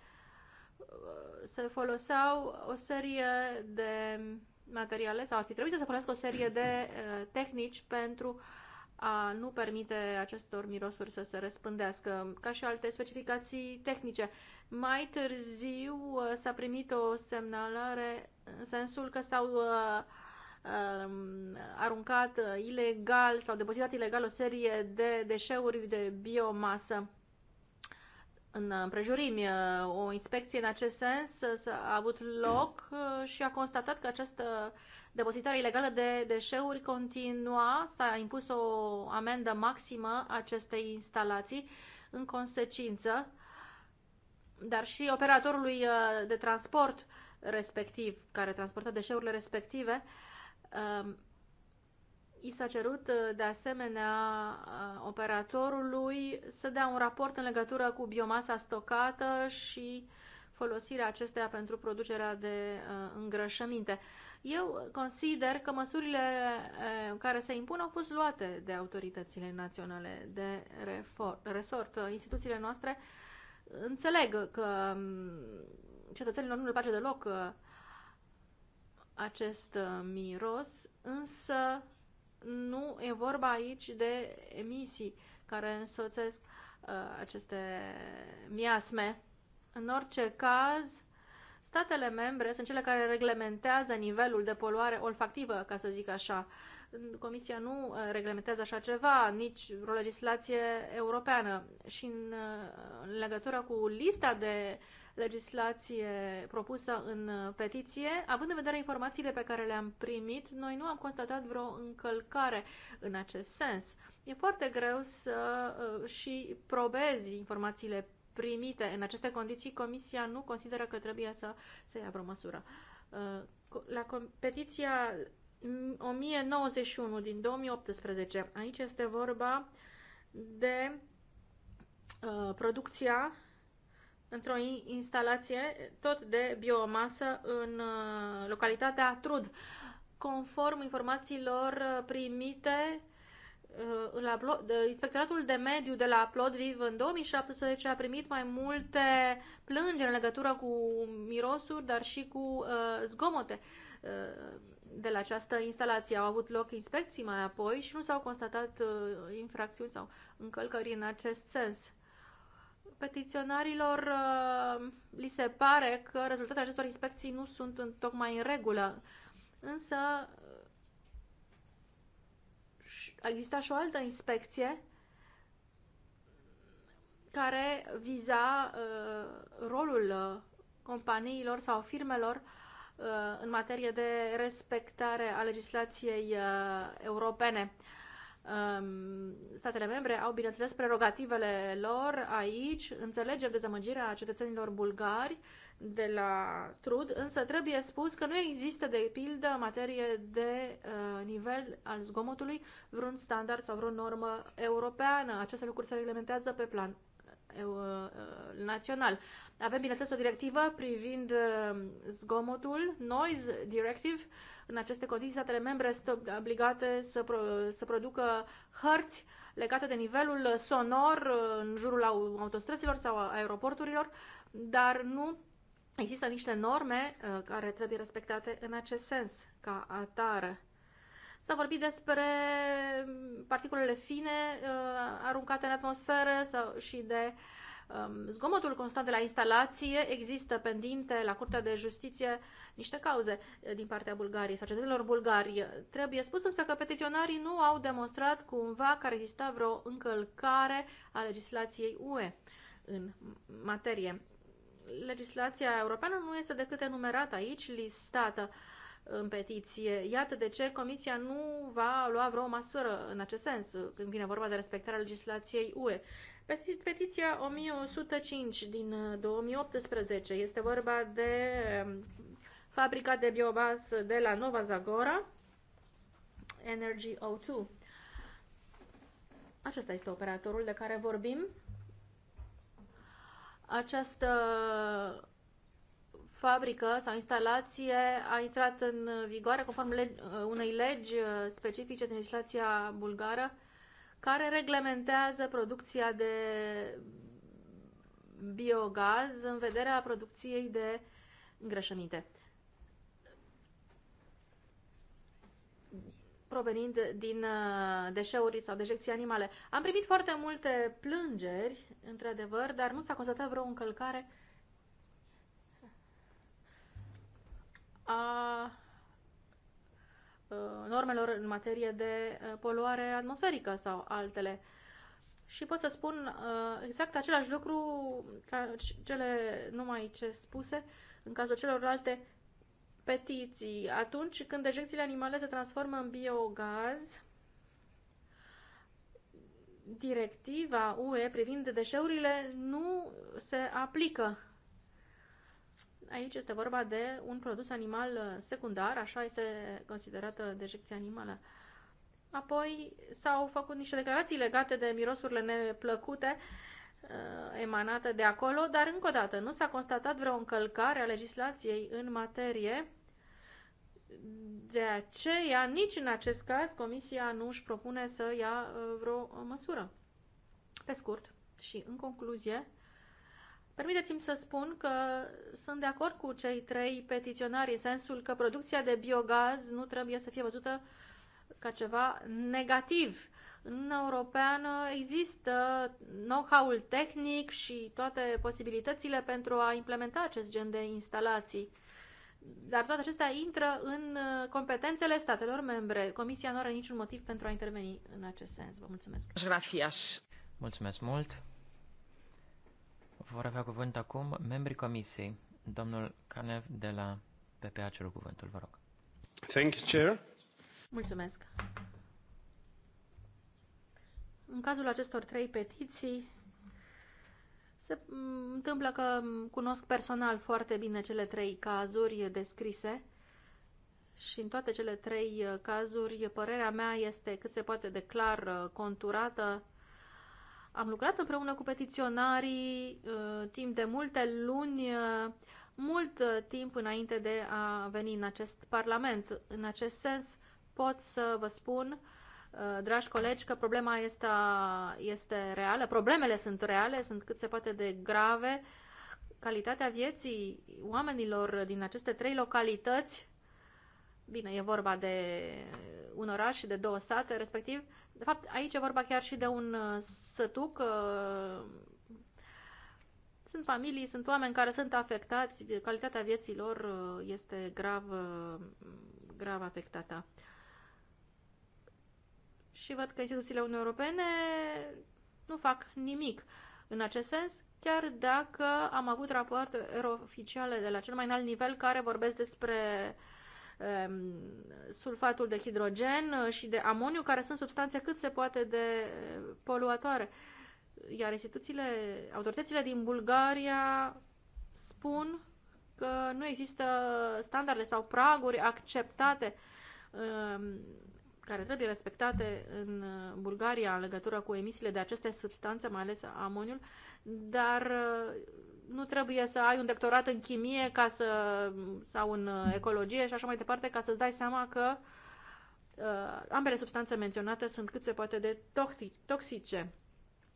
se foloseau o serie de materiale sau ar fi trebuit să se folosească o serie de uh, tehnici pentru a nu permite acestor mirosuri să se răspândească, ca și alte specificații tehnice. Mai târziu uh, s-a primit o semnalare în sensul că s-au uh, um, aruncat ilegal sau depozitat ilegal o serie de deșeuri de biomasă în împrejurimi. O inspecție în acest sens a avut loc și a constatat că această depozitare ilegală de deșeuri continua, s-a impus o amendă maximă acestei instalații în consecință, dar și operatorului de transport respectiv, care transporta deșeurile respective, I s-a cerut uh, de asemenea uh, operatorului să dea un raport în legătură cu biomasa stocată și folosirea acesteia pentru producerea de uh, îngrășăminte. Eu consider că măsurile care se impun au fost luate de autoritățile naționale de resort. Instituțiile noastre înțeleg că um, cetățenilor nu le place deloc acest miros, însă nu e vorba aici de emisii care însoțesc uh, aceste miasme. În orice caz, Statele membre sunt cele care reglementează nivelul de poluare olfactivă, ca să zic așa. Comisia nu uh, reglementează așa ceva, nici o legislație europeană. Și în, uh, în legătură cu lista de legislație propusă în uh, petiție, având în vedere informațiile pe care le-am primit, noi nu am constatat vreo încălcare în acest sens. E foarte greu să și probezi informațiile primite în aceste condiții, Comisia nu consideră că trebuie să se ia vreo măsură. Uh, la petiția 1091 din 2018, aici este vorba de uh, producția într-o instalație tot de biomasă în uh, localitatea Trud. Conform informațiilor primite, Uh, la Inspectoratul de Mediu de la Plodriv în 2017 a primit mai multe plângeri în legătură cu mirosuri, dar și cu uh, zgomote uh, de la această instalație. Au avut loc inspecții mai apoi și nu s-au constatat infracțiuni sau încălcări în acest sens. Petiționarilor li se pare că rezultatele acestor inspecții nu sunt în, tocmai în regulă, însă a existat și o altă inspecție care viza uh, rolul uh, companiilor sau firmelor uh, în materie de respectare a legislației uh, europene. Um, statele membre au, bineînțeles, prerogativele lor aici, înțelegem dezamăgirea cetățenilor bulgari de la Trud, însă trebuie spus că nu există, de pildă, în materie de uh, nivel al zgomotului, vreun standard sau vreo normă europeană. Aceste lucruri se reglementează pe plan uh, uh, național. Avem, bineînțeles, o directivă privind uh, zgomotul, Noise Directive. În aceste condiții, statele membre sunt obligate să, pro, să producă hărți legate de nivelul sonor în jurul autostrăților sau aeroporturilor, dar nu Există niște norme uh, care trebuie respectate în acest sens, ca atară. S-a vorbit despre particulele fine uh, aruncate în atmosferă sau și de um, zgomotul constant de la instalație. Există pendinte la Curtea de Justiție niște cauze uh, din partea Bulgariei sau cetățenilor bulgari. Trebuie spus însă că petiționarii nu au demonstrat cumva că ar exista vreo încălcare a legislației UE în materie legislația europeană nu este decât enumerată aici, listată în petiție. Iată de ce Comisia nu va lua vreo măsură în acest sens când vine vorba de respectarea legislației UE. Petiția 1105 din 2018 uh, este vorba de um, fabrica de biobaz de la Nova Zagora, Energy O2. Acesta este operatorul de care vorbim această fabrică sau instalație a intrat în vigoare conform uh, unei legi uh, specifice din legislația bulgară care reglementează producția de biogaz în vederea producției de îngrășăminte. provenind din uh, deșeuri sau dejecții animale. Am primit foarte multe plângeri, într-adevăr, dar nu s-a constatat vreo încălcare a uh, normelor în materie de uh, poluare atmosferică sau altele. Și pot să spun exact același lucru ca cele numai ce spuse în cazul celorlalte petiții. Atunci când dejecțiile animale se transformă în biogaz, directiva UE privind deșeurile nu se aplică. Aici este vorba de un produs animal secundar, așa este considerată dejecția animală. Apoi s-au făcut niște declarații legate de mirosurile neplăcute. Uh, Uh, emanată de acolo, dar încă o dată nu s-a constatat vreo încălcare a legislației în materie. De aceea, nici în acest caz, Comisia nu își propune să ia uh, vreo uh, măsură. Pe scurt și în concluzie, permiteți-mi să spun că sunt de acord cu cei trei petiționari în sensul că producția de biogaz nu trebuie să fie văzută ca ceva negativ în Uniunea Europeană există know-how-ul tehnic și toate posibilitățile pentru a implementa acest gen de instalații. Dar toate acestea intră în uh, competențele statelor membre. Comisia nu are niciun motiv pentru a interveni în acest sens. Vă mulțumesc. Grafias. Mulțumesc mult. Vor avea cuvânt acum membrii comisiei. Domnul Canev de la PPA cerul cuvântul, vă rog. Thank you, Chair. Mulțumesc. În cazul acestor trei petiții, se întâmplă că cunosc personal foarte bine cele trei cazuri descrise și în toate cele trei uh, cazuri părerea mea este cât se poate de clar uh, conturată. Am lucrat împreună cu petiționarii uh, timp de multe luni, mult timp înainte de a veni în acest parlament. În acest sens pot să vă spun Uh, dragi colegi, că problema este, este reală, problemele sunt reale, sunt cât se poate de grave. Calitatea vieții oamenilor din aceste trei localități, bine, e vorba de un oraș și de două sate, respectiv, de fapt, aici e vorba chiar și de un uh, sătuc. Uh, sunt familii, sunt oameni care sunt afectați, calitatea vieții lor este grav, grav afectată și văd că instituțiile Uniunii Europene nu fac nimic în acest sens, chiar dacă am avut rapoarte oficiale de la cel mai înalt nivel care vorbesc despre um, sulfatul de hidrogen uh, și de amoniu, care sunt substanțe cât se poate de poluatoare. Iar instituțiile, autoritățile din Bulgaria spun că nu există standarde sau praguri acceptate ehm, care trebuie respectate în uh, Bulgaria în legătură cu emisiile de aceste substanțe, mai ales amoniul, dar uh, nu trebuie să ai un doctorat în chimie ca să, sau în uh, ecologie și așa mai departe ca să-ți dai seama că uh, ambele substanțe menționate sunt cât se poate de toxice.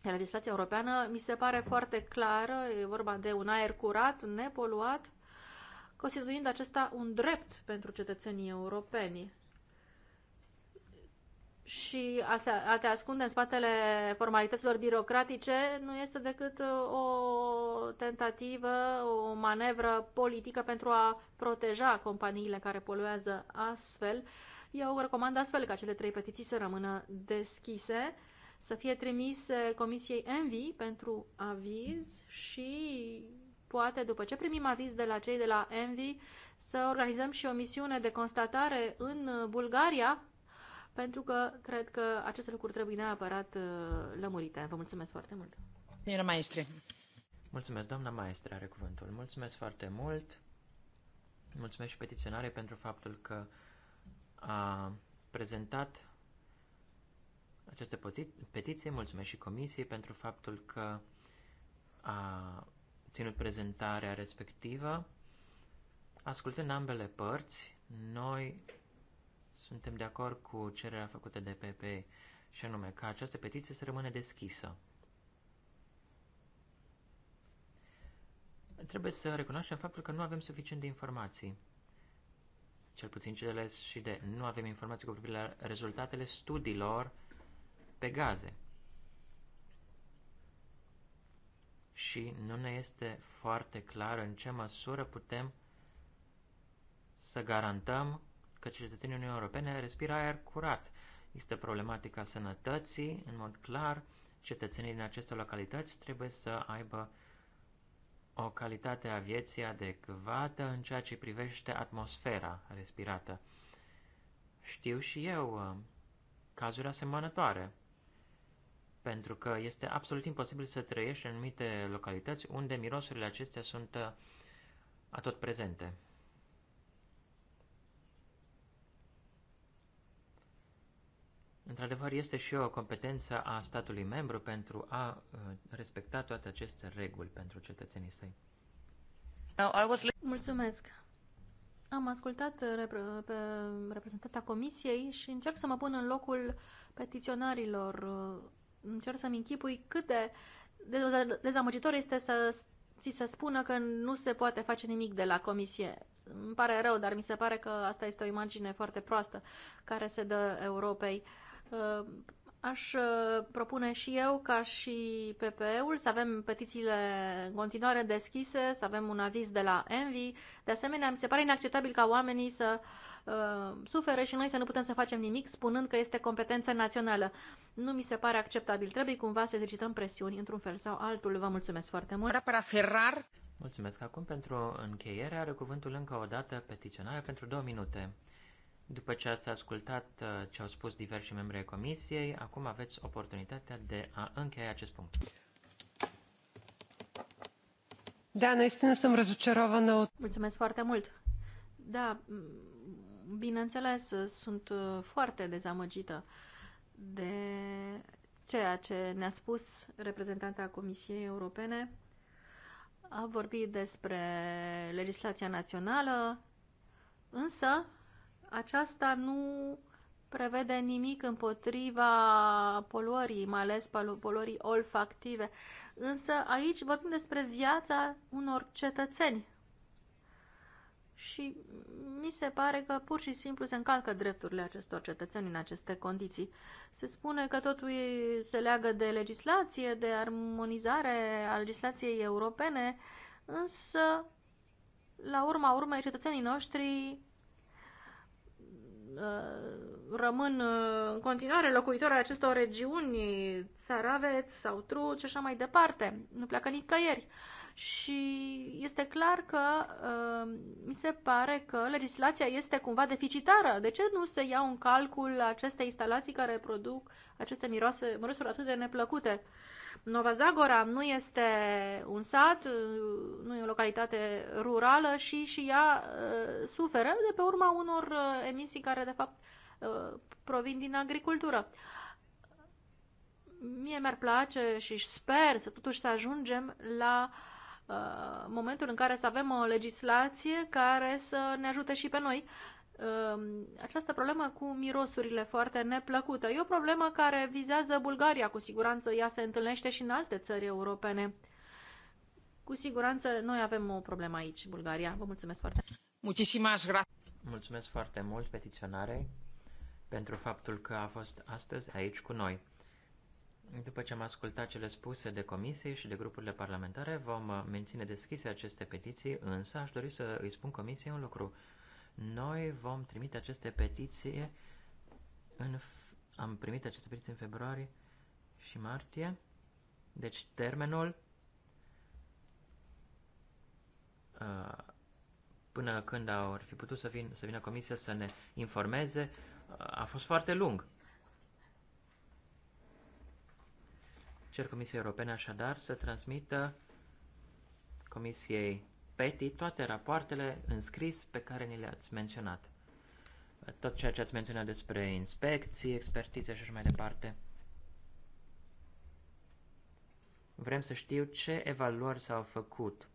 Iar legislația europeană mi se pare foarte clară, e vorba de un aer curat, nepoluat, constituind acesta un drept pentru cetățenii europeni și a te ascunde în spatele formalităților birocratice nu este decât uh, o tentativă, o manevră politică pentru a proteja companiile care poluează astfel. Eu recomand astfel ca cele trei petiții să rămână deschise, să fie trimise Comisiei Envi pentru aviz și poate după ce primim aviz de la cei de la Envi să organizăm și o misiune de constatare în Bulgaria pentru că cred că aceste lucruri trebuie neapărat uh, lămurite. Vă mulțumesc foarte mult! Doamna maestre! Mulțumesc, doamna maestre, are cuvântul. Mulțumesc foarte mult! Mulțumesc și petiționare pentru faptul că a prezentat aceste petiții. Mulțumesc și comisiei pentru faptul că a ținut prezentarea respectivă. Ascultând ambele părți, noi suntem de acord cu cererea făcută de PP și anume ca această petiție să rămână deschisă. Trebuie să recunoaștem faptul că nu avem suficient de informații. Cel puțin cele și de nu avem informații cu privire la rezultatele studiilor pe gaze. și nu ne este foarte clar în ce măsură putem să garantăm că cetățenii Uniunii Europene respiră aer curat. Este problematica sănătății, în mod clar, cetățenii din aceste localități trebuie să aibă o calitate a vieții adecvată în ceea ce privește atmosfera respirată. Știu și eu uh, cazuri asemănătoare, pentru că este absolut imposibil să trăiești în anumite localități unde mirosurile acestea sunt uh, atot prezente. Într-adevăr, este și o competență a statului membru pentru a uh, respecta toate aceste reguli pentru cetățenii săi. Mulțumesc! Am ascultat uh, repre- pe reprezentanta comisiei și încerc să mă pun în locul petiționarilor. Uh, încerc să-mi închipui cât de dezamăgitor este să ți se spună că nu se poate face nimic de la comisie. Îmi pare rău, dar mi se pare că asta este o imagine foarte proastă care se dă Europei. Uh, Aș uh, propune și eu, ca și PPE-ul, să avem petițiile în continuare deschise, să avem un aviz de la Envy. De asemenea, mi se pare inacceptabil ca oamenii să uh, sufere și noi să nu putem să facem nimic, spunând că este competență națională. Nu mi se pare acceptabil. Trebuie cumva să exercităm presiuni într-un fel sau altul. Vă mulțumesc foarte mult. Ferrar. Mulțumesc. Acum, pentru încheiere, are cuvântul încă o dată petiționarea pentru două minute. După ce ați ascultat uh, ce au spus diversi membri ai comisiei, acum aveți oportunitatea de a încheia acest punct. Da, naistină sunt răzucerovană. Mulțumesc foarte mult. Da, bineînțeles, sunt uh, foarte dezamăgită de ceea ce ne-a spus reprezentanta Comisiei Europene. A vorbit despre legislația națională, însă aceasta nu prevede nimic împotriva poluării, mai ales poluării olfactive. Însă aici vorbim despre viața unor cetățeni. Și mi se pare că pur și simplu se încalcă drepturile acestor cetățeni în aceste condiții. Se spune că totul se leagă de legislație, de armonizare a legislației europene, însă, la urma urmei, cetățenii noștri Uh, rămân uh, în continuare locuitori ai acestor regiuni, Țaraveț sau Truci și așa mai departe. Nu pleacă nicăieri. Și este clar că uh, mi se pare că legislația este cumva deficitară. De ce nu se iau în calcul aceste instalații care produc aceste miroase, mirosuri atât de neplăcute? Uh, Nova Zagora nu este un sat, nu e o localitate rurală și, și ea uh, suferă de pe urma unor uh, emisii care, de fapt, uh, provin din agricultură. Mie mi-ar place și sper să totuși să ajungem la momentul în care să avem o legislație care să ne ajute și pe noi Ehm, această problemă cu mirosurile foarte neplăcută. E o problemă care vizează Bulgaria, cu siguranță ea se întâlnește și în alte țări europene. Cu siguranță noi avem o problemă aici, Bulgaria. Vă mulțumesc foarte mult. Mulțumesc foarte mult petiționare pentru faptul că a fost astăzi aici cu noi. După ce am ascultat cele spuse de comisie și de grupurile parlamentare, vom menține deschise aceste petiții, însă aș dori să îi spun comisiei un lucru. Noi vom trimite aceste petiții în, am primit aceste petiții în februarie și martie, deci termenul uh, până când ar fi putut să, vin, să vină comisia să ne informeze, uh, a fost foarte lung. Cer Comisiei Europene așadar să transmită Comisiei Petty toate rapoartele înscris pe care ni le-ați menționat. Tot ceea ce ați menționat despre inspecții, expertize și așa mai departe. Vrem să știu ce evaluări s-au făcut.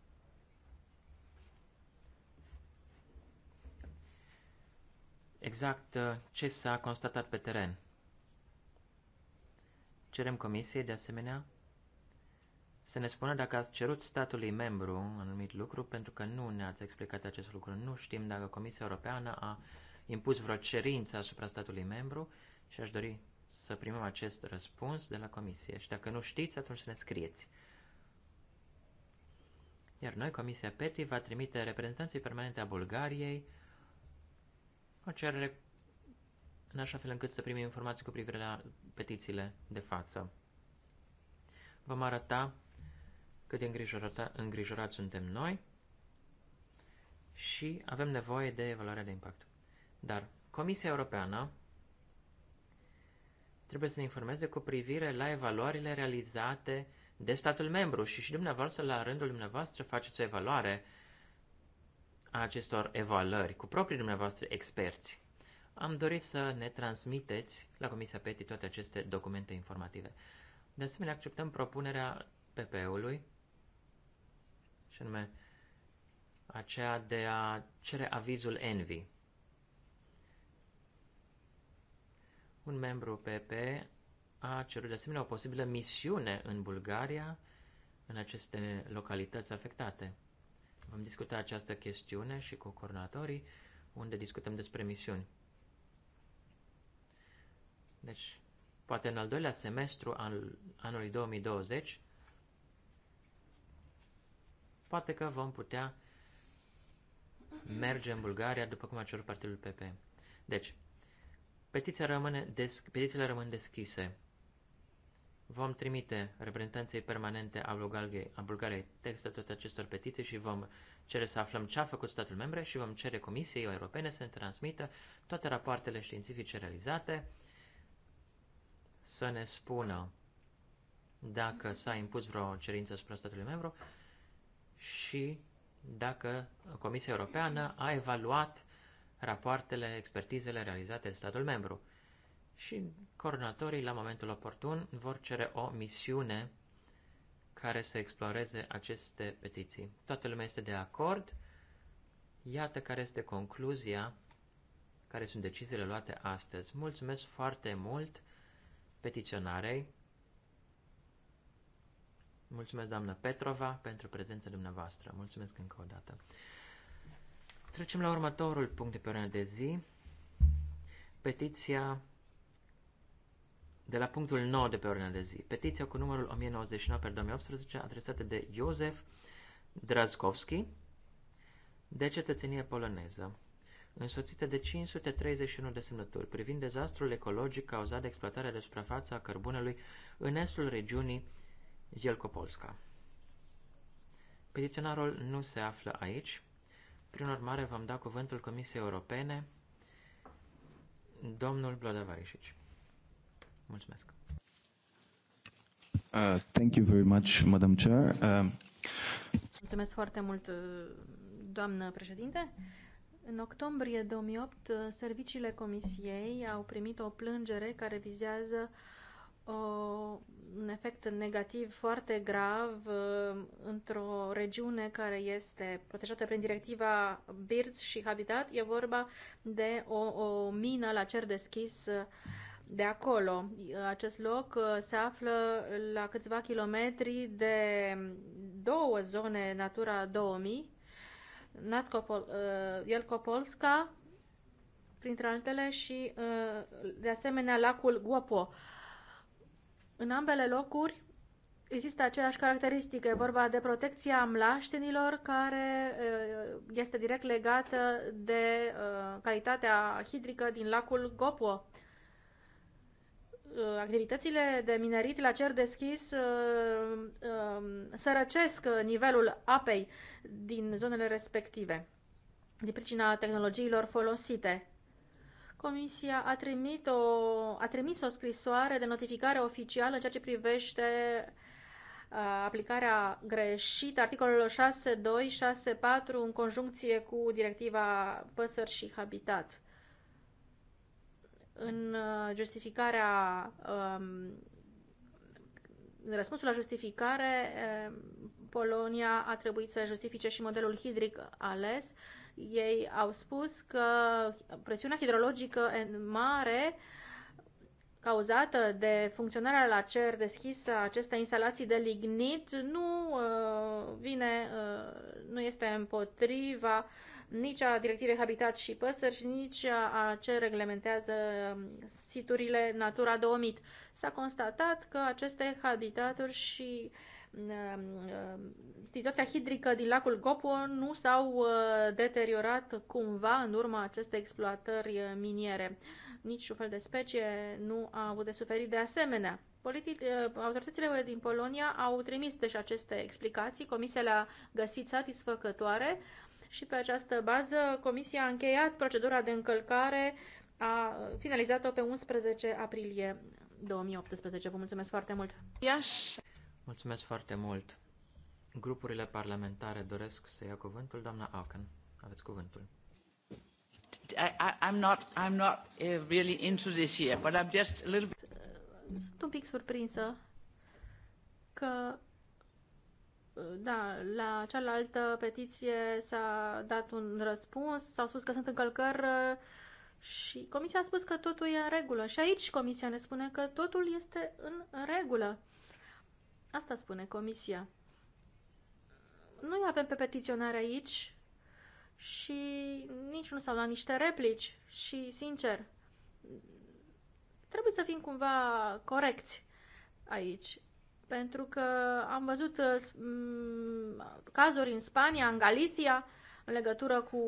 Exact uh, ce s-a constatat pe teren. Cerem comisiei, de asemenea, să ne spună dacă ați cerut statului membru un anumit lucru, pentru că nu ne-ați explicat acest lucru. Nu știm dacă Comisia Europeană a impus vreo cerință asupra statului membru și aș dori să primim acest răspuns de la Comisie. Și dacă nu știți, atunci să ne scrieți. Iar noi, Comisia PETI, va trimite reprezentanții permanente a Bulgariei o cerere în așa fel încât să primim informații cu privire la petițiile de față. Vom arăta cât de îngrijorați suntem noi și avem nevoie de evaluarea de impact. Dar Comisia Europeană trebuie să ne informeze cu privire la evaluările realizate de statul membru și și dumneavoastră, la rândul dumneavoastră, faceți o evaluare a acestor evaluări cu proprii dumneavoastră experți. Am dorit să ne transmiteți la Comisia PETI toate aceste documente informative. De asemenea, acceptăm propunerea PP-ului și anume aceea de a cere avizul Envy. Un membru PP a cerut de asemenea o posibilă misiune în Bulgaria, în aceste localități afectate. Vom discuta această chestiune și cu coordonatorii, unde discutăm despre misiuni. Deci, poate în al doilea semestru al anului 2020 poate că vom putea merge în Bulgaria, după cum a cerut partidul PP. Deci, petiția rămâne des, petițiile rămân deschise. Vom trimite reprezentanței permanente a Bulgariei, a Bulgariei textul tot acestor petiții și vom cere să aflăm ce a făcut statul membre și vom cere Comisiei Europene să ne transmită toate rapoartele științifice realizate, să ne spună dacă s-a impus vreo cerință asupra statului membru și dacă Comisia Europeană a evaluat rapoartele, expertizele realizate de statul membru. Și coordonatorii, la momentul oportun, vor cere o misiune care să exploreze aceste petiții. Toată lumea este de acord. Iată care este concluzia, care sunt deciziile luate astăzi. Mulțumesc foarte mult petiționarei Mulțumesc, doamnă Petrova, pentru prezența dumneavoastră. Mulțumesc încă o dată. Trecem la următorul punct de pe ordinea de zi. Petiția de la punctul 9 de pe ordinea de zi. Petiția cu numărul 1099 pe 2018 adresată de Iosef Drazkovski de cetățenie poloneză, însoțită de 531 de semnături privind dezastrul ecologic cauzat de exploatarea de suprafață a cărbunelui în estul regiunii Jelkopolska. Petiționarul nu se află aici, prin urmare vom da cuvântul Comisiei Europene, domnul Blodavarișici. Mulțumesc. Uh, thank you very much, Madam Chair. Uh... Mulțumesc foarte mult, uh, doamnă președinte. În octombrie 2008, uh, serviciile Comisiei au primit o plângere care vizează uh, o, un efect negativ foarte grav uh, într-o regiune care este protejată prin directiva BIRDS și Habitat. E vorba de o, o mină la cer deschis uh, de acolo. Uh, acest loc se află la câțiva kilometri de două zone Natura 2000, Natskopol, Elkopolska, printre altele, și de asemenea lacul Guapo în ambele locuri există aceeași caracteristică, e vorba de protecția mlaștenilor care este direct legată de calitatea hidrică din lacul Gopo. Activitățile de minerit la cer deschis sărăcesc nivelul apei din zonele respective din pricina tehnologiilor folosite. Comisia a, trimit o, a trimis o scrisoare de notificare oficială în ceea ce privește aplicarea greșită articolelor 6.2, 6.4 în conjuncție cu directiva păsări și habitat. În justificarea um, în răspunsul la justificare um, Polonia a trebuit să justifice și modelul hidric ales ei au spus că presiunea hidrologică mare cauzată de funcționarea la cer deschisă a acestei instalații de lignit nu uh, vine, uh, nu este împotriva nici a directivei Habitat și Păsări, nici a ce reglementează um, siturile Natura 2000. S-a constatat că aceste habitaturi și uh, Um, um, situația hidrică din lacul Gopo nu s-au uh, deteriorat cumva în urma acestei exploatări uh, miniere. Nici un fel de specie nu a avut de suferit de asemenea. Politic, uh, autoritățile din Polonia au trimis deci aceste explicații, comisia le-a găsit satisfăcătoare și pe această bază comisia a încheiat procedura de încălcare, a finalizat-o pe 11 aprilie 2018. Vă mulțumesc foarte mult! Iași. Mulțumesc foarte mult. Grupurile parlamentare doresc să ia cuvântul. Doamna Auken, aveți cuvântul. I'm not, I'm not uh, really into this but I'm just a little Sunt un pic surprinsă că da, la cealaltă petiție s-a dat un răspuns, s-au spus că sunt încălcări uh, și comisia a spus că totul e în regulă. Și aici comisia ne spune că totul este în regulă. Asta spune Comisia. Noi avem pe petiționare aici și nici nu s-au luat niște replici și, sincer, trebuie să fim cumva corecți aici. Pentru că am văzut uh, mm, cazuri în Spania, în Galicia, în legătură cu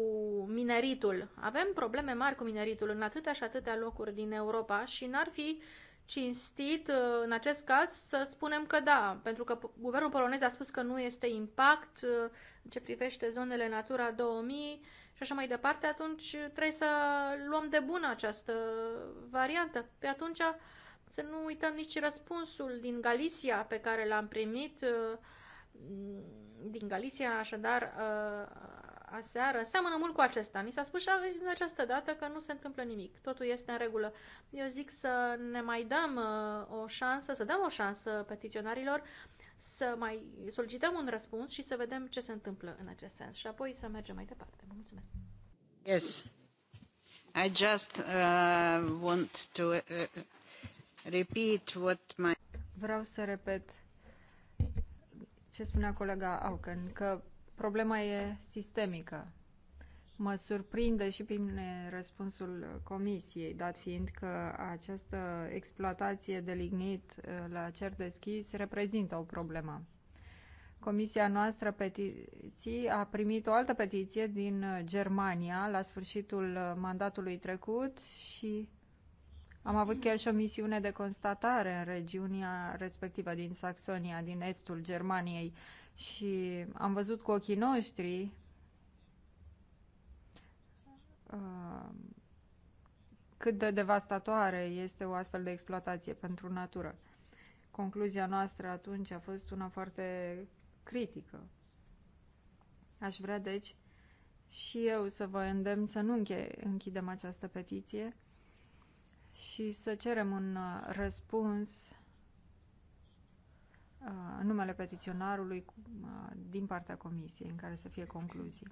mineritul. Avem probleme mari cu mineritul în atâtea și atâtea locuri din Europa și n-ar fi uh, cinstit uh, în acest caz să spunem că da, pentru că guvernul polonez a spus că nu este impact uh, în ce privește zonele Natura 2000 și așa mai departe, atunci trebuie să luăm de bună această variantă. Pe atunci să nu uităm nici răspunsul din Galicia pe care l-am primit uh, din Galicia, așadar aseară seamănă mult cu acesta. Ni s-a spus și în această dată că nu se întâmplă nimic. Totul este în regulă. Eu zic să ne mai dăm uh, o șansă, să dăm o șansă petiționarilor să mai solicităm un răspuns și să vedem ce se întâmplă în acest sens și apoi să mergem mai departe. Vă mulțumesc. Yes. I just uh, want to uh, repeat what my Vreau să repet ce spunea colega Auken, că problema e sistemică. Mă surprinde și prin răspunsul comisiei, dat fiind că această exploatație de lignit uh, la cer deschis reprezintă o problemă. Comisia noastră petiții a primit o altă petiție din uh, Germania la sfârșitul uh, mandatului trecut și am avut chiar și o misiune de constatare în regiunea respectivă din Saxonia, din estul Germaniei, și am văzut cu ochii noștri uh, cât de devastatoare este o astfel de exploatație pentru natură. Concluzia noastră atunci a fost una foarte critică. Aș vrea, deci, și eu să vă îndemn să nu închidem această petiție și să cerem un uh, răspuns Uh, numele petiționarului uh, din partea comisiei în care să fie concluzii.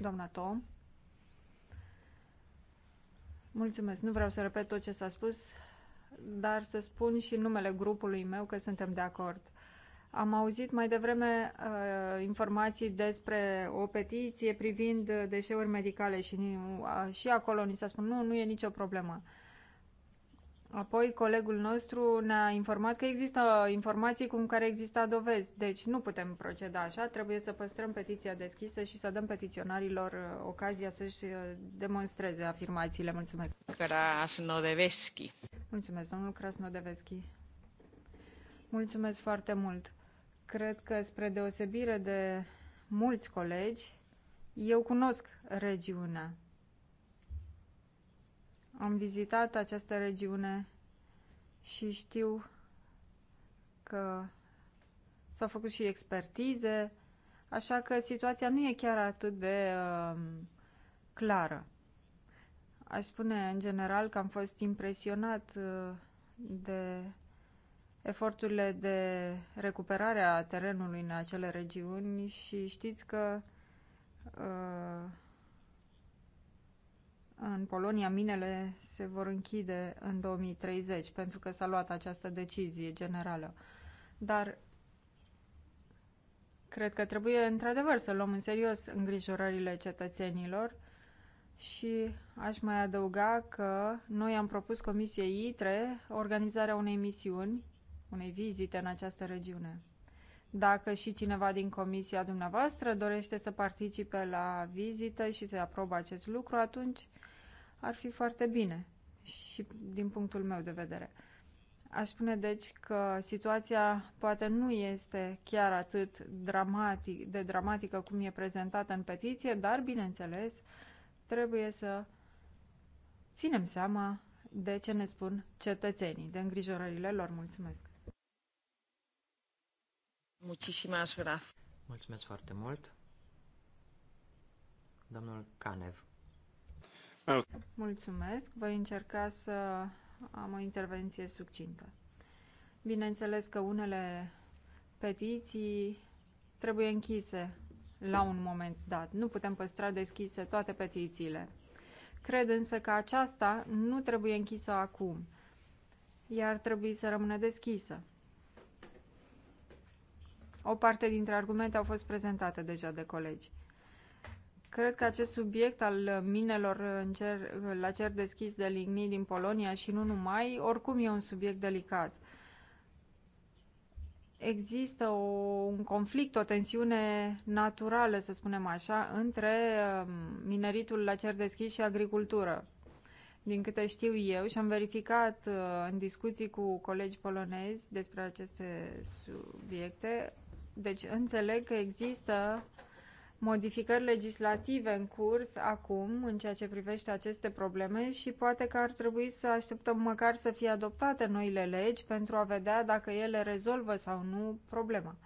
Doamna Tom. Mulțumesc. Nu vreau să repet tot ce s-a spus, dar să spun și numele grupului meu că suntem de acord. Am auzit mai devreme uh, informații despre o petiție privind uh, deșeuri medicale și, uh, și acolo ni s-a spus nu, nu e nicio problemă. Uh, Apoi, colegul nostru ne-a informat că există informații cum care exista dovezi, deci nu putem proceda așa, trebuie să păstrăm petiția deschisă și să dăm petiționarilor uh, ocazia să-și uh, demonstreze afirmațiile. Mulțumesc! Krasnodeveschi. Mulțumesc, domnul Krasnodeveschi. Mulțumesc foarte mult! Cred că, spre deosebire de mulți colegi, eu cunosc regiunea am vizitat această regiune și știu că s-au făcut și expertize, așa că situația nu e chiar atât de uh, clară. Aș spune în general că am fost impresionat uh, de eforturile de recuperare a terenului în acele regiuni și știți că uh, în Polonia minele se vor închide în 2030 pentru că s-a luat această decizie generală. Dar cred că trebuie într-adevăr să luăm în serios îngrijorările cetățenilor și aș mai adăuga că noi am propus Comisiei ITRE organizarea unei misiuni, unei vizite în această regiune. Dacă și cineva din comisia dumneavoastră dorește să participe la vizită și să aprobă acest lucru, atunci ar fi foarte bine și din punctul meu de vedere. Aș spune deci că situația poate nu este chiar atât dramatic, de dramatică cum e prezentată în petiție, dar, bineînțeles, trebuie să ținem seama de ce ne spun cetățenii, de îngrijorările lor. Mulțumesc! Mulțumesc foarte mult! Domnul Canev. Mulțumesc. Voi încerca să am o intervenție succintă. Bineînțeles că unele petiții trebuie închise la un moment dat. Nu putem păstra deschise toate petițiile. Cred însă că aceasta nu trebuie închisă acum, iar trebuie să rămână deschisă. O parte dintre argumente au fost prezentate deja de colegi. Cred că acest subiect al minelor în cer, la cer deschis de lignit din Polonia și nu numai, oricum e un subiect delicat. Există o, un conflict, o tensiune naturală, să spunem așa, între um, mineritul la cer deschis și agricultură. Din câte știu eu și am verificat uh, în discuții cu colegi polonezi despre aceste subiecte, deci înțeleg că există modificări legislative în curs acum în ceea ce privește aceste probleme și poate că ar trebui să așteptăm măcar să fie adoptate noile legi pentru a vedea dacă ele rezolvă sau nu problema.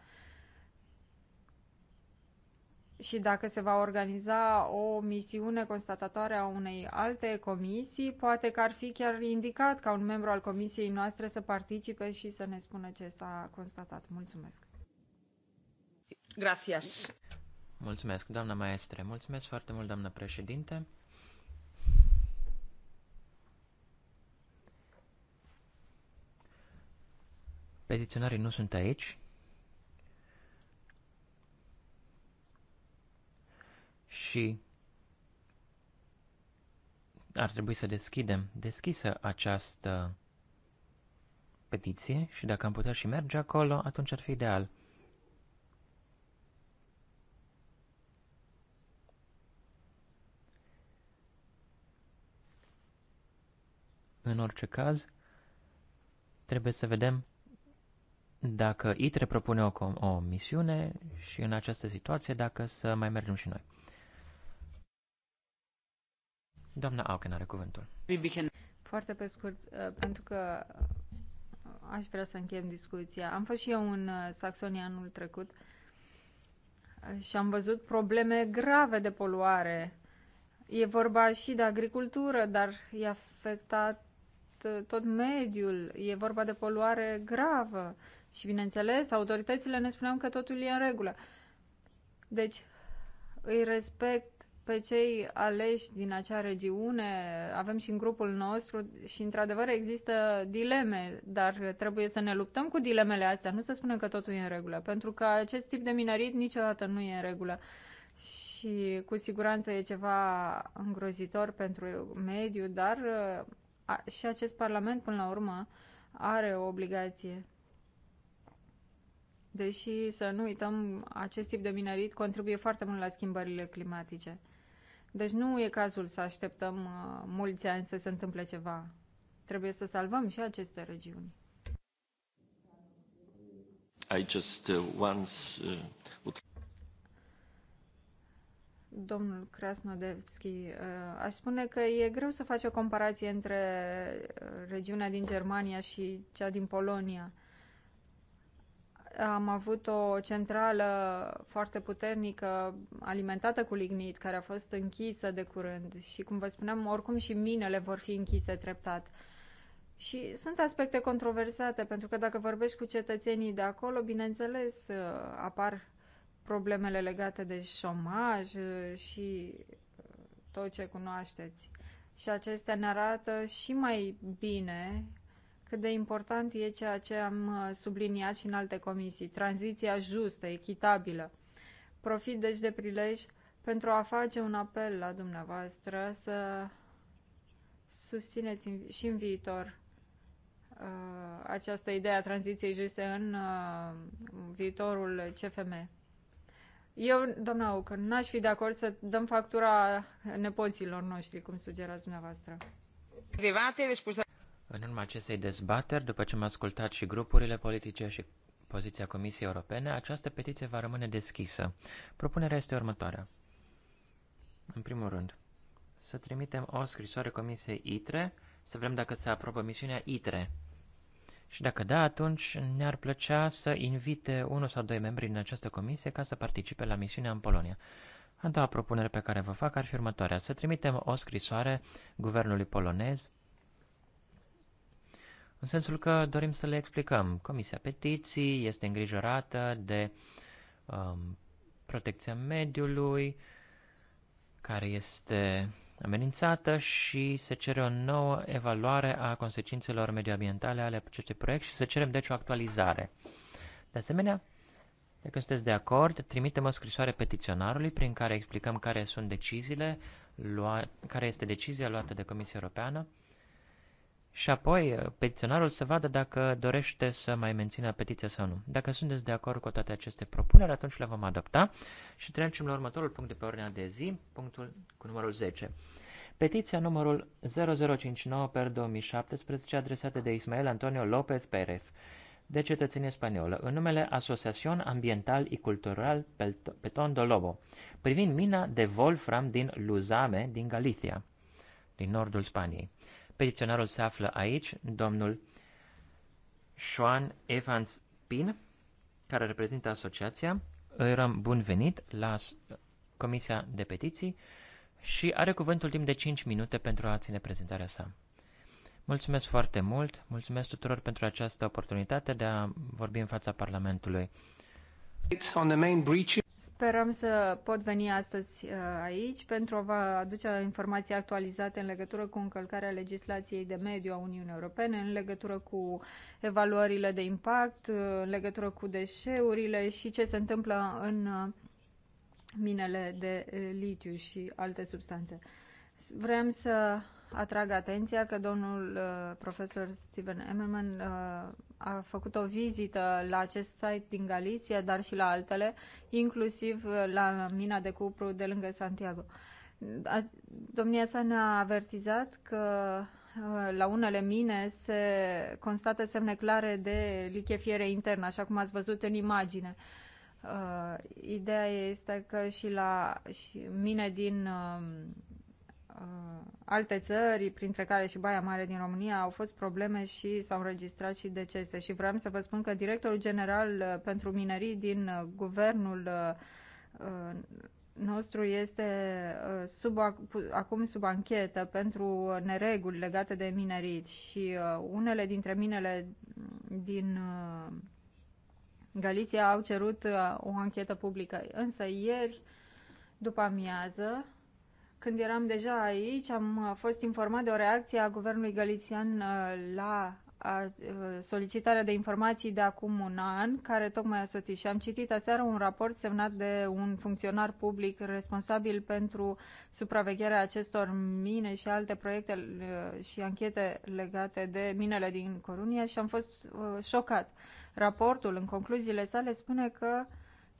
Și dacă se va organiza o misiune constatatoare a unei alte comisii, poate că ar fi chiar indicat ca un membru al comisiei noastre să participe și să ne spună ce s-a constatat. Mulțumesc! Gracias. Mulțumesc, doamna maestre. Mulțumesc foarte mult, doamna președinte. Petiționarii nu sunt aici. Și ar trebui să deschidem deschisă această petiție și dacă am putea și merge acolo, atunci ar fi ideal. În orice caz, trebuie să vedem dacă ITRE propune o, o misiune și în această situație dacă să mai mergem și noi. Doamna Auken are cuvântul. Foarte pe scurt, uh, pentru că uh, aș vrea să încheiem discuția. Am fost și eu în uh, Saxonia anul trecut și am văzut probleme grave de poluare. E vorba și de agricultură, dar e afectat tot mediul, e vorba de poluare gravă și, bineînțeles, autoritățile ne spuneau că totul e în regulă. Deci, îi respect pe cei aleși din acea regiune, avem și în grupul nostru și, într-adevăr, există dileme, dar trebuie să ne luptăm cu dilemele astea, nu să spunem că totul e în regulă, pentru că acest tip de minerit niciodată nu e în regulă și cu siguranță e ceva îngrozitor pentru mediu, dar și acest Parlament, până la urmă, are o obligație. Deși, să nu uităm, acest tip de minerit contribuie foarte mult la schimbările climatice. Deci nu e cazul să așteptăm uh, mulți ani să se întâmple ceva. Trebuie să salvăm și aceste regiuni. I just uh, once uh, would domnul Krasnodevski. Uh, aș spune că e greu să faci o comparație între uh, regiunea din Germania și cea din Polonia. Am avut o centrală foarte puternică, alimentată cu lignit, care a fost închisă de curând și, cum vă spuneam, oricum și minele vor fi închise treptat. Și sunt aspecte controversate, pentru că dacă vorbești cu cetățenii de acolo, bineînțeles, uh, apar problemele legate de șomaj uh, și uh, tot ce cunoașteți. Și acestea ne arată și mai bine cât de important e ceea ce am uh, subliniat și în alte comisii, tranziția justă, echitabilă. Profit deci de prilej pentru a face un apel la dumneavoastră să susțineți și în viitor această idee a tranziției juste în viitorul CFM. Eu, doamna Ucă, n-aș fi de acord să dăm factura nepoților noștri, cum sugerați dumneavoastră. În urma acestei dezbateri, după ce am ascultat și grupurile politice și poziția Comisiei Europene, această petiție va rămâne deschisă. Propunerea este următoarea. În primul rând, să trimitem o scrisoare Comisiei ITRE, să vedem dacă se aprobă misiunea ITRE și dacă da, atunci ne-ar plăcea să invite unul sau doi membri din această comisie ca să participe la misiunea în Polonia. A doua propunere pe care vă fac ar fi următoarea. Să trimitem o scrisoare guvernului polonez în sensul că dorim să le explicăm. Comisia Petiții este îngrijorată de um, protecția mediului, care este amenințată și se cere o nouă evaluare a consecințelor medioambientale ale acestui proiect și să cerem deci o actualizare. De asemenea, dacă sunteți de acord, trimitem o scrisoare petiționarului prin care explicăm care sunt deciziile, lua, care este decizia luată de Comisia Europeană și apoi uh, petiționarul să vadă dacă dorește să mai mențină petiția sau nu. Dacă sunteți de acord cu toate aceste propuneri, atunci le vom adopta și trecem la următorul punct de pe ordinea de zi, punctul cu numărul 10. Petiția numărul 0059 per 2017 adresată de Ismael Antonio López Pérez de cetățenie spaniolă, în numele Asociación Ambiental y Cultural Petón do Lobo, privind mina de Wolfram din Luzame, din Galicia, din nordul Spaniei. Petiționarul se află aici, domnul Sean Evans Pin, care reprezintă asociația. Îi răm bun venit la Comisia de Petiții și are cuvântul timp de 5 minute pentru a ține prezentarea sa. Mulțumesc foarte mult, mulțumesc tuturor pentru această oportunitate de a vorbi în fața Parlamentului. Sperăm să pot veni astăzi uh, aici pentru a vă aduce informații actualizate în legătură cu încălcarea legislației de mediu a Uniunii Europene, în legătură cu evaluările de impact, uh, în legătură cu deșeurile și ce se întâmplă în uh, minele de litiu și alte substanțe. Vrem să atrag atenția că domnul uh, profesor Steven Emmerman uh, a făcut o vizită la acest site din Galicia, dar și la altele, inclusiv uh, la mina de cupru de lângă Santiago. Domnia sa ne-a avertizat că la unele mine se constată semne clare de lichefiere internă, așa cum ați văzut în imagine. Uh, ideea este că și la și mine din uh, Uh, alte țări, printre care și Baia Mare din România, au fost probleme și s-au înregistrat și decese. Și vreau să vă spun că directorul general uh, pentru minerii din uh, guvernul nostru este sub, acum sub anchetă pentru nereguli legate de minerit și unele dintre minele din Galicia au cerut o anchetă publică. Însă ieri, după amiază, când eram deja aici, am uh, fost informat de o reacție a guvernului galician uh, la uh, solicitarea de informații de acum un an, care tocmai a sotit. Și am citit aseară un raport semnat de un funcționar public responsabil pentru supravegherea acestor mine și alte proiecte și anchete legate de minele din Corunia și am fost șocat. Raportul, în concluziile sale, spune că,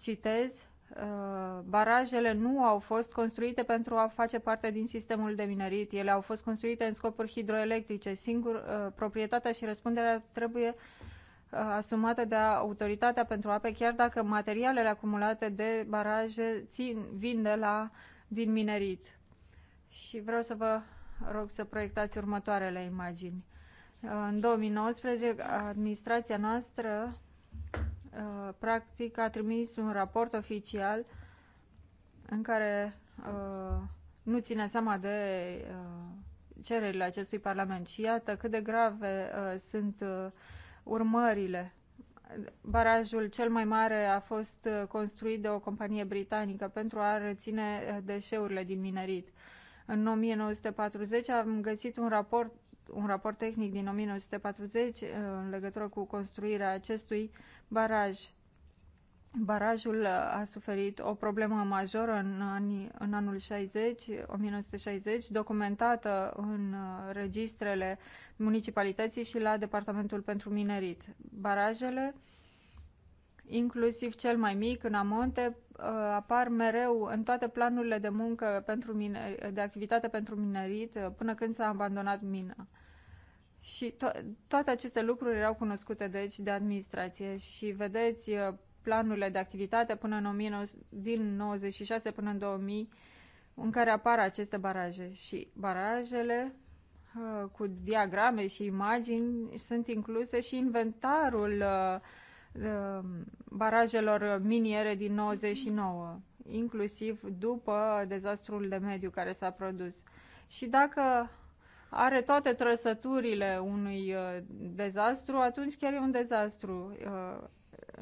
citez, Uh, barajele nu au fost construite pentru a face parte din sistemul de minerit. Ele au fost construite în scopuri hidroelectrice. Singur, uh, proprietatea și răspunderea trebuie uh, asumată de autoritatea pentru ape, chiar dacă materialele acumulate de baraje țin, vin de la, din minerit. Și vreau să vă rog să proiectați următoarele imagini. În 2019, administrația noastră Uh, practic a trimis un raport oficial în care uh, nu ține seama de uh, cererile acestui Parlament. Și iată cât de grave sunt urmările. Barajul cel mai mare a fost construit de o companie britanică pentru a reține deșeurile din minerit. În 1940 am găsit un raport un raport tehnic din 1940 uh, în legătură cu construirea acestui baraj. Barajul uh, a suferit o problemă majoră în, anii, în anul 60, 1960, documentată în uh, registrele municipalității și la Departamentul pentru Minerit. Barajele uh, inclusiv cel mai mic, în amonte, uh, apar mereu în toate planurile de muncă pentru mine, de activitate pentru minerit uh, până când s-a abandonat mina. Și to- toate aceste lucruri erau cunoscute deci de administrație și vedeți uh, planurile de activitate până în 19, din 96 până în 2000 în care apar aceste baraje și barajele cu diagrame și imagini sunt incluse și inventarul uh, Uh, barajelor miniere din 99, inclusiv după dezastrul de mediu care s-a produs. Și dacă are toate trăsăturile unui uh, dezastru, atunci chiar e un dezastru. Uh,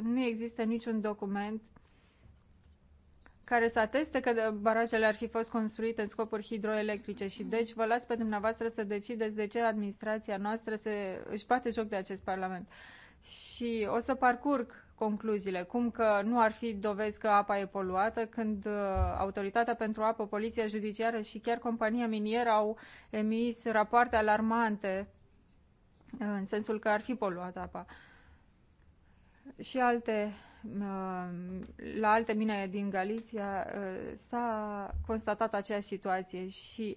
nu există niciun document care să ateste că barajele ar fi fost construite în scopuri hidroelectrice și deci vă las pe dumneavoastră să decideți de ce administrația noastră se, își bate joc de acest parlament. Și o să parcurg concluziile, cum că nu ar fi dovezi că apa e poluată, când uh, Autoritatea pentru Apă, Poliția Judiciară și chiar compania minieră au emis rapoarte alarmante uh, în sensul că ar fi poluată apa. Și alte, uh, la alte mine din Galiția s-a constatat aceeași situație și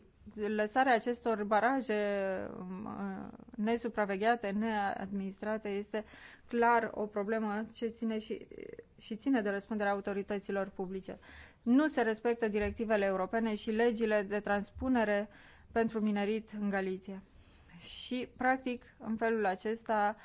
lăsarea acestor baraje uh, nesupravegheate, neadministrate, este clar o problemă ce ține și, și ține de răspunderea autorităților publice. Nu se respectă directivele europene și legile de transpunere pentru minerit în Galicia. Și, practic, în felul acesta, uh,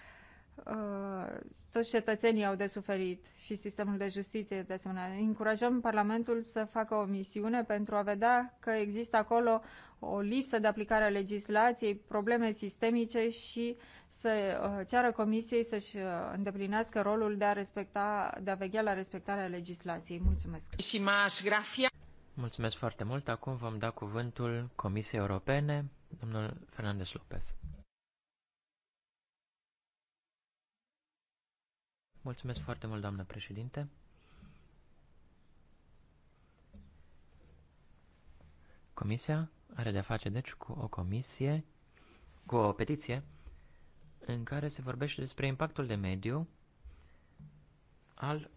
Uh, toți cetățenii au de suferit și sistemul de justiție de asemenea. Încurajăm Parlamentul să facă o misiune pentru a vedea că există acolo o lipsă de aplicare a legislației, probleme sistemice și să uh, ceară Comisiei să-și uh, îndeplinească rolul de a, respecta, de a veghea la respectarea legislației. Mulțumesc! Mulțumesc foarte mult! Acum vom da cuvântul Comisiei Europene, domnul Fernandez Lopez. Mulțumesc foarte mult, doamnă președinte. Comisia are de-a face, deci, cu o comisie, cu o petiție, în care se vorbește despre impactul de mediu al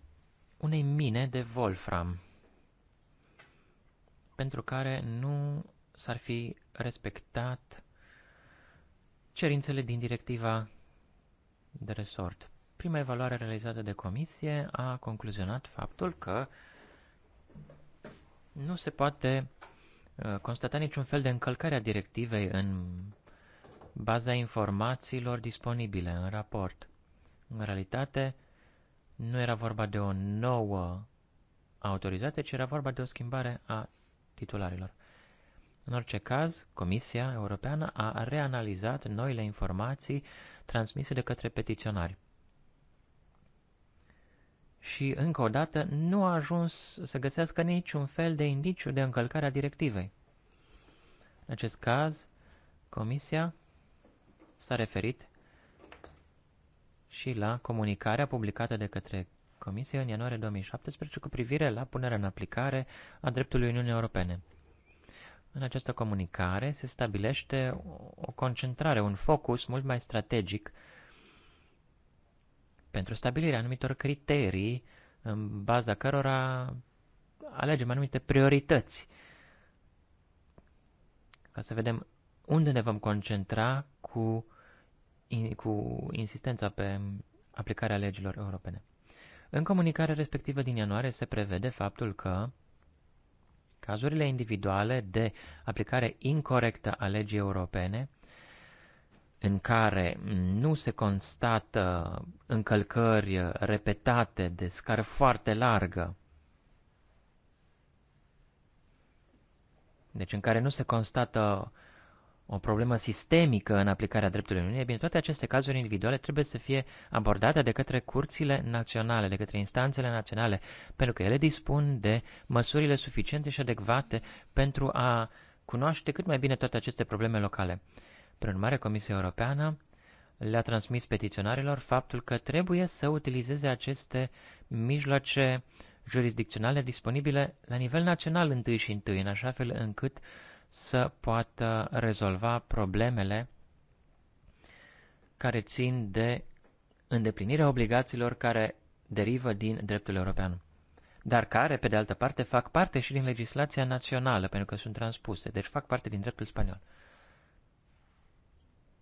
unei mine de Wolfram, pentru care nu s-ar fi respectat cerințele din directiva de resort. Prima evaluare realizată de comisie a concluzionat faptul că nu se poate uh, constata niciun fel de încălcare a directivei în baza informațiilor disponibile în raport. În realitate, nu era vorba de o nouă autorizație, ci era vorba de o schimbare a titularilor. În orice caz, Comisia Europeană a reanalizat noile informații transmise de către petiționari și, încă o dată, nu a ajuns să găsească niciun fel de indiciu de încălcare a directivei. În acest caz, Comisia s-a referit și la comunicarea publicată de către Comisie în ianuarie 2017 cu privire la punerea în aplicare a dreptului Uniunii Europene. În această comunicare se stabilește o concentrare, un focus mult mai strategic pentru stabilirea anumitor criterii în baza cărora alegem anumite priorități ca să vedem unde ne vom concentra cu, cu insistența pe aplicarea legilor europene. În comunicarea respectivă din ianuarie se prevede faptul că cazurile individuale de aplicare incorrectă a legii europene în care nu se constată încălcări repetate de scară foarte largă, deci în care nu se constată o problemă sistemică în aplicarea dreptului Uniunii, bine, toate aceste cazuri individuale trebuie să fie abordate de către curțile naționale, de către instanțele naționale, pentru că ele dispun de măsurile suficiente și adecvate pentru a cunoaște cât mai bine toate aceste probleme locale. Prin urmare, Comisia Europeană le-a transmis petiționarilor faptul că trebuie să utilizeze aceste mijloace jurisdicționale disponibile la nivel național întâi și întâi, în așa fel încât să poată rezolva problemele care țin de îndeplinirea obligațiilor care derivă din dreptul european, dar care, pe de altă parte, fac parte și din legislația națională, pentru că sunt transpuse, deci fac parte din dreptul spaniol.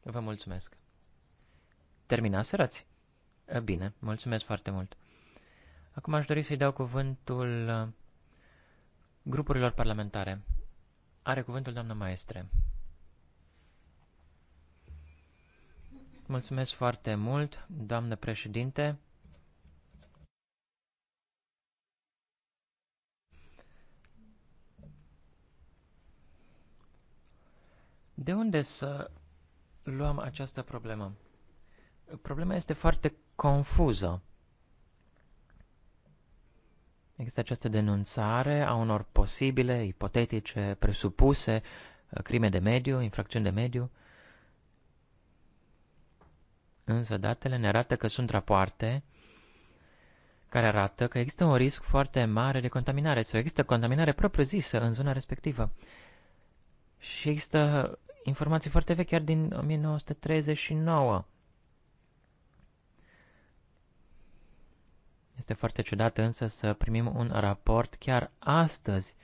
Vă mulțumesc. Terminaserați? Bine, mulțumesc foarte mult. Acum aș dori să-i dau cuvântul uh, grupurilor parlamentare. Are cuvântul doamna maestre. Mulțumesc foarte mult, doamnă președinte. De unde să luăm această problemă? Problema este foarte confuză. Există această denunțare a unor posibile, ipotetice, presupuse uh, crime de mediu, infracțiuni de mediu. Însă datele ne arată că sunt rapoarte care arată că există un risc foarte mare de contaminare sau există contaminare propriu-zisă în zona respectivă. Și există informații foarte vechi, chiar din 1939. Este foarte ciudat însă să primim un raport chiar astăzi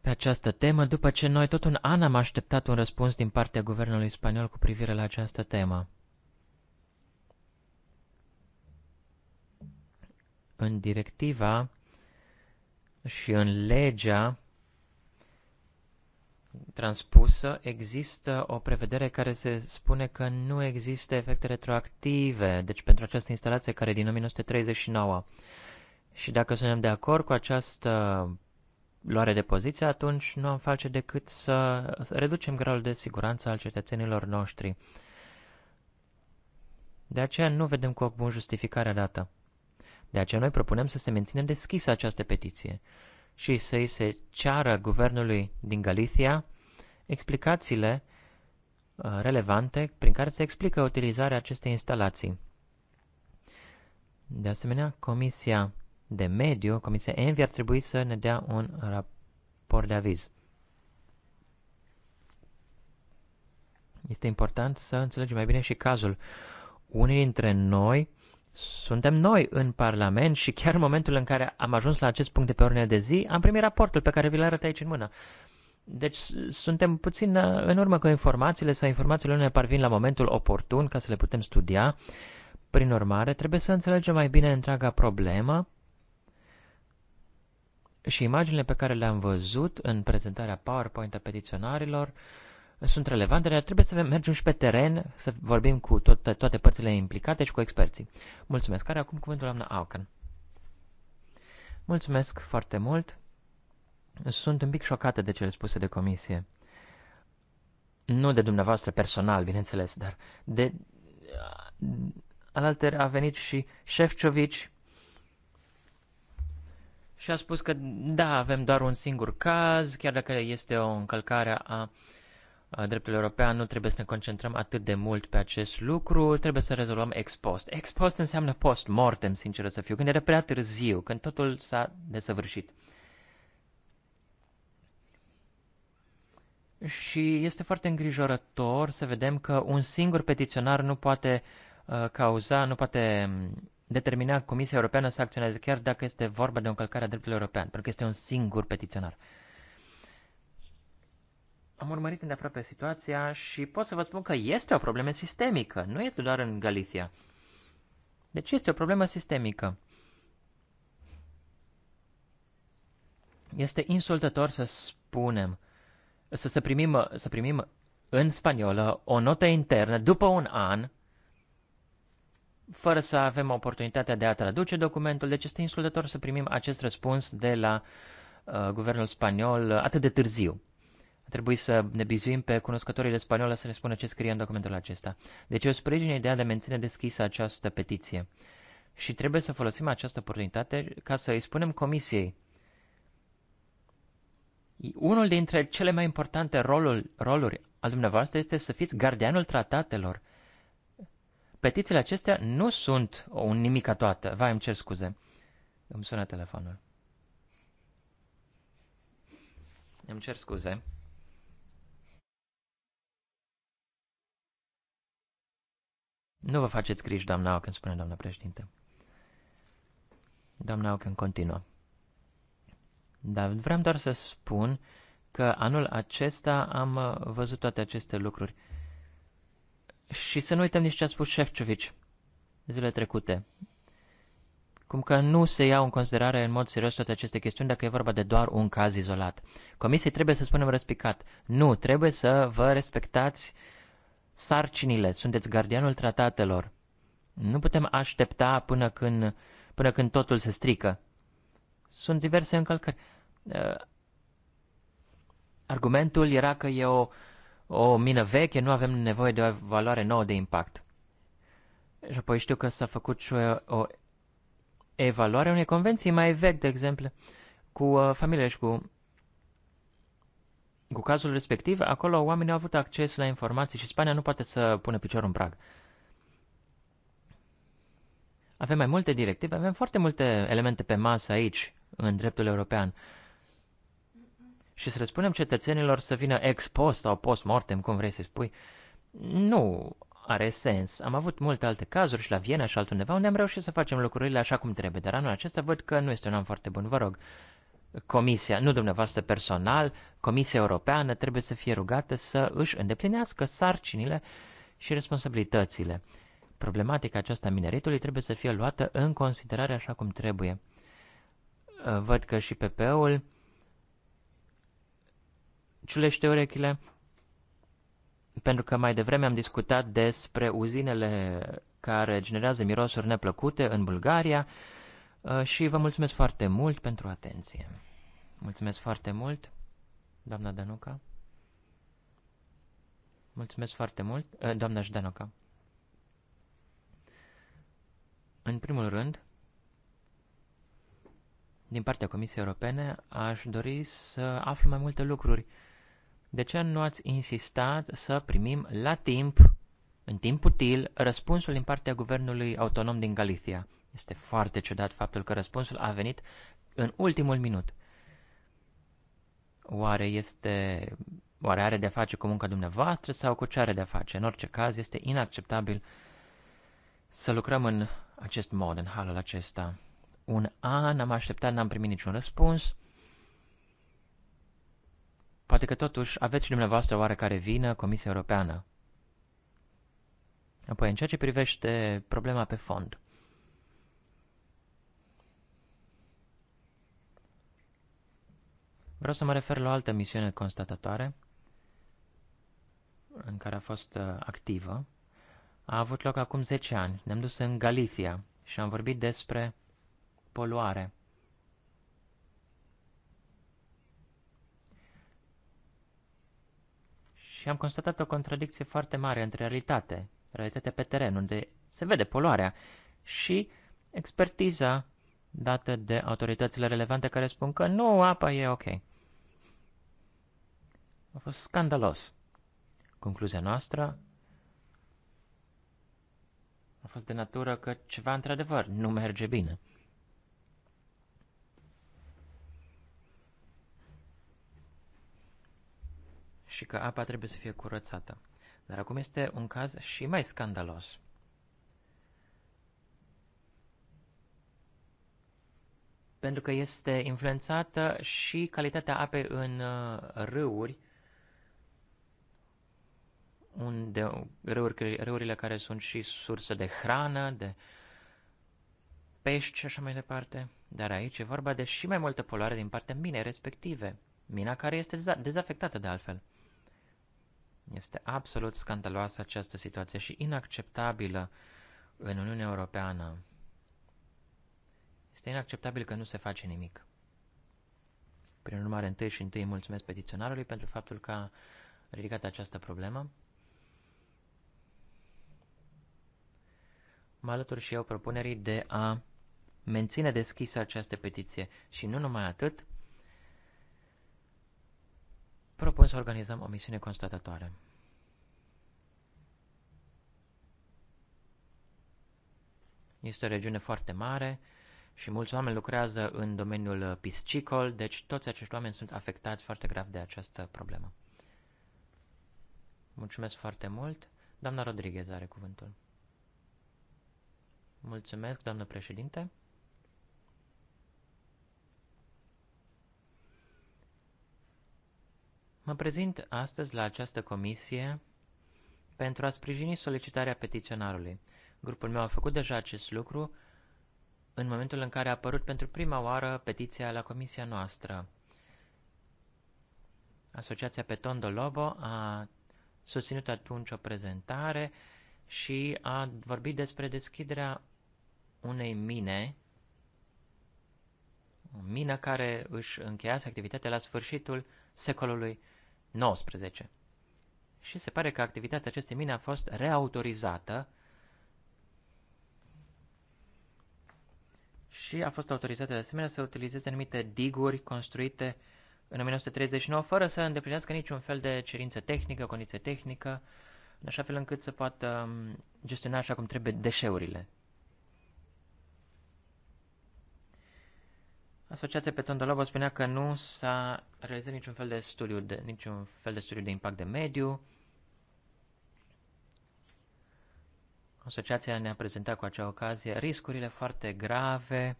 pe această temă, după ce noi tot un an am așteptat un răspuns din partea guvernului spaniol cu privire la această temă. În directiva și în legea transpusă, există o prevedere care se spune că nu există efecte retroactive, deci pentru această instalație care e din 1939. Și dacă suntem de acord cu această luare de poziție, atunci nu am face decât să reducem gradul de siguranță al cetățenilor noștri. De aceea nu vedem cu ochi bun justificarea dată. De aceea noi propunem să se mențină deschisă această petiție și să-i se ceară guvernului din Galicia explicațiile uh, relevante prin care se explică utilizarea acestei instalații. De asemenea, Comisia de Mediu, Comisia Envi, ar trebui să ne dea un raport de aviz. Este important să înțelegem mai bine și cazul. Unii dintre noi suntem noi în Parlament și chiar în momentul în care am ajuns la acest punct de pe ordinea de zi, am primit raportul pe care vi-l arăt aici în mână. Deci suntem puțin uh, în urmă cu informațiile sau informațiile nu ne parvin la momentul oportun ca să le putem studia. Prin urmare, trebuie să înțelegem mai bine întreaga problemă și imaginile pe care le-am văzut în prezentarea PowerPoint a petiționarilor uh, sunt relevante, dar trebuie să mergem și pe teren, să vorbim cu toate, toate părțile implicate și cu experții. Mulțumesc. Care acum cuvântul doamna Aucan. Mulțumesc foarte mult. Sunt un pic șocată de cele spuse de comisie. Nu de dumneavoastră personal, bineînțeles, dar de... Alalter a venit și Șefciovici și a spus că da, avem doar un singur caz, chiar dacă este o încălcare a uh, Uh, dreptul european, nu trebuie să ne concentrăm atât de mult pe acest lucru, trebuie să rezolvăm ex post. Ex post înseamnă post mortem, sincer să fiu, când era prea târziu, când totul s-a desăvârșit. Și este foarte îngrijorător să vedem că un singur petiționar nu poate uh, cauza, nu poate um, determina Comisia Europeană să acționeze, chiar dacă este vorba de o încălcare a dreptului european, pentru că este un singur petiționar. Uh, am urmărit îndeaproape situația și pot să vă spun că este o problemă sistemică, nu este doar în Galicia. Deci este o problemă sistemică. Este insultător să spunem, să, să, primim, să primim în spaniolă o notă internă după un an, fără să avem oportunitatea de a traduce documentul, deci este insultător să primim acest răspuns de la uh, guvernul spaniol atât de târziu. A trebuit să ne bizuim pe cunoscătorii de spaniolă să ne spună ce scrie în documentul acesta. Deci eu sprijin ideea de a menține deschisă această petiție. Și trebuie să folosim această oportunitate ca să îi spunem comisiei. Unul dintre cele mai importante rolul, roluri al dumneavoastră este să fiți gardianul tratatelor. Petițiile acestea nu sunt un nimic toată. Vai, îmi cer scuze. Îmi sună telefonul. Îmi cer scuze. Nu vă faceți griji, doamna Auken, spune doamna președinte. Doamna Auken continuă. Dar vreau doar să spun că anul acesta am uh, văzut toate aceste lucruri. Și să nu uităm nici ce a spus Șefcovici zilele trecute. Cum că nu se iau în considerare în mod serios toate aceste chestiuni dacă e vorba de doar un caz izolat. Comisiei trebuie să spunem răspicat. Nu, trebuie să vă respectați uh, sarcinile, sunteți gardianul tratatelor. Nu putem aștepta până când, până când totul se strică. Sunt diverse încălcări. Uh, argumentul era că e o, o mină veche, nu avem nevoie de o valoare nouă de impact. Și apoi știu că s-a făcut și o, o evaluare a unei convenții mai vechi, de exemplu, cu uh, familiile și cu cu cazul respectiv, acolo oamenii au avut acces la informații și Spania nu poate să pună piciorul în prag. Avem mai multe directive, avem foarte multe elemente pe masă aici, în dreptul european. Și să răspunem cetățenilor să vină ex post sau post mortem, cum vrei să spui, nu are sens. Am avut multe alte cazuri și la Viena și altundeva unde am reușit să facem lucrurile așa cum trebuie, dar anul acesta văd că nu este un an foarte bun, vă rog. Comisia, nu dumneavoastră personal, Comisia Europeană trebuie să fie rugată să își îndeplinească sarcinile și responsabilitățile. Problematica aceasta a mineritului trebuie să fie luată în considerare așa cum trebuie. Văd că și PP-ul ciulește urechile, pentru că mai devreme am discutat despre uzinele care generează mirosuri neplăcute în Bulgaria uh, și vă mulțumesc foarte mult pentru atenție. Mulțumesc foarte mult, doamna Danuca. Mulțumesc foarte mult, eh, doamna Jdanoca. În primul rând, din partea Comisiei Europene, aș dori să aflu mai multe lucruri. De ce nu ați insistat să primim la timp, în timp util, răspunsul din partea Guvernului Autonom din Galicia? Este foarte ciudat faptul că răspunsul a venit în ultimul minut. Oare este... Oare are de-a face cu munca dumneavoastră sau cu ce are de-a face? În orice caz, este inacceptabil să lucrăm în acest mod, în halul acesta. Un an am așteptat, n-am primit niciun răspuns. Poate că totuși aveți și dumneavoastră oarecare vină Comisia Europeană. Apoi, în ceea ce privește problema pe fond. Vreau să mă refer la o altă misiune constatatoare în care a fost uh, activă. A avut loc acum 10 ani. Ne-am dus în Galicia și am vorbit despre poluare. Și am constatat o contradicție foarte mare între realitate, realitatea pe teren, unde se vede poluarea, și expertiza dată de autoritățile relevante care spun că nu, apa e ok. A fost scandalos. Concluzia noastră a fost de natură că ceva într-adevăr nu merge bine. Și că apa trebuie să fie curățată. Dar acum este un caz și mai scandalos. Pentru că este influențată și calitatea apei în uh, râuri unde râurile care sunt și sursă de hrană, de pești și așa mai departe. Dar aici e vorba de și mai multă poluare din partea minei respective, mina care este dezafectată de altfel. Este absolut scandaloasă această situație și inacceptabilă în Uniunea Europeană. Este inacceptabil că nu se face nimic. Prin urmare, întâi și întâi mulțumesc petiționarului pentru faptul că a ridicat această problemă. mă alătur și eu propunerii de a menține deschisă această petiție. Și nu numai atât, propun să organizăm o misiune constatatoare. Este o regiune foarte mare și mulți oameni lucrează în domeniul piscicol, deci toți acești oameni sunt afectați foarte grav de această problemă. Mulțumesc foarte mult. Doamna Rodriguez are cuvântul. Mulțumesc, doamnă președinte. Mă prezint astăzi la această comisie pentru a sprijini solicitarea petiționarului. Grupul meu a făcut deja acest lucru în momentul în care a apărut pentru prima oară petiția la comisia noastră. Asociația Petondo Lobo a susținut atunci o prezentare și a vorbit despre deschiderea unei mine, o mină care își încheiase activitatea la sfârșitul secolului XIX. Și se pare că activitatea acestei mine a fost reautorizată și a fost autorizată de asemenea să utilizeze anumite diguri construite în 1939 fără să îndeplinească niciun fel de cerință tehnică, condiție tehnică, în așa fel încât să poată um, gestiona așa cum trebuie deșeurile Asociația Petondolobo spunea că nu s-a realizat niciun fel de studiu de, niciun fel de studiu de impact de mediu. Asociația ne-a prezentat cu acea ocazie riscurile foarte grave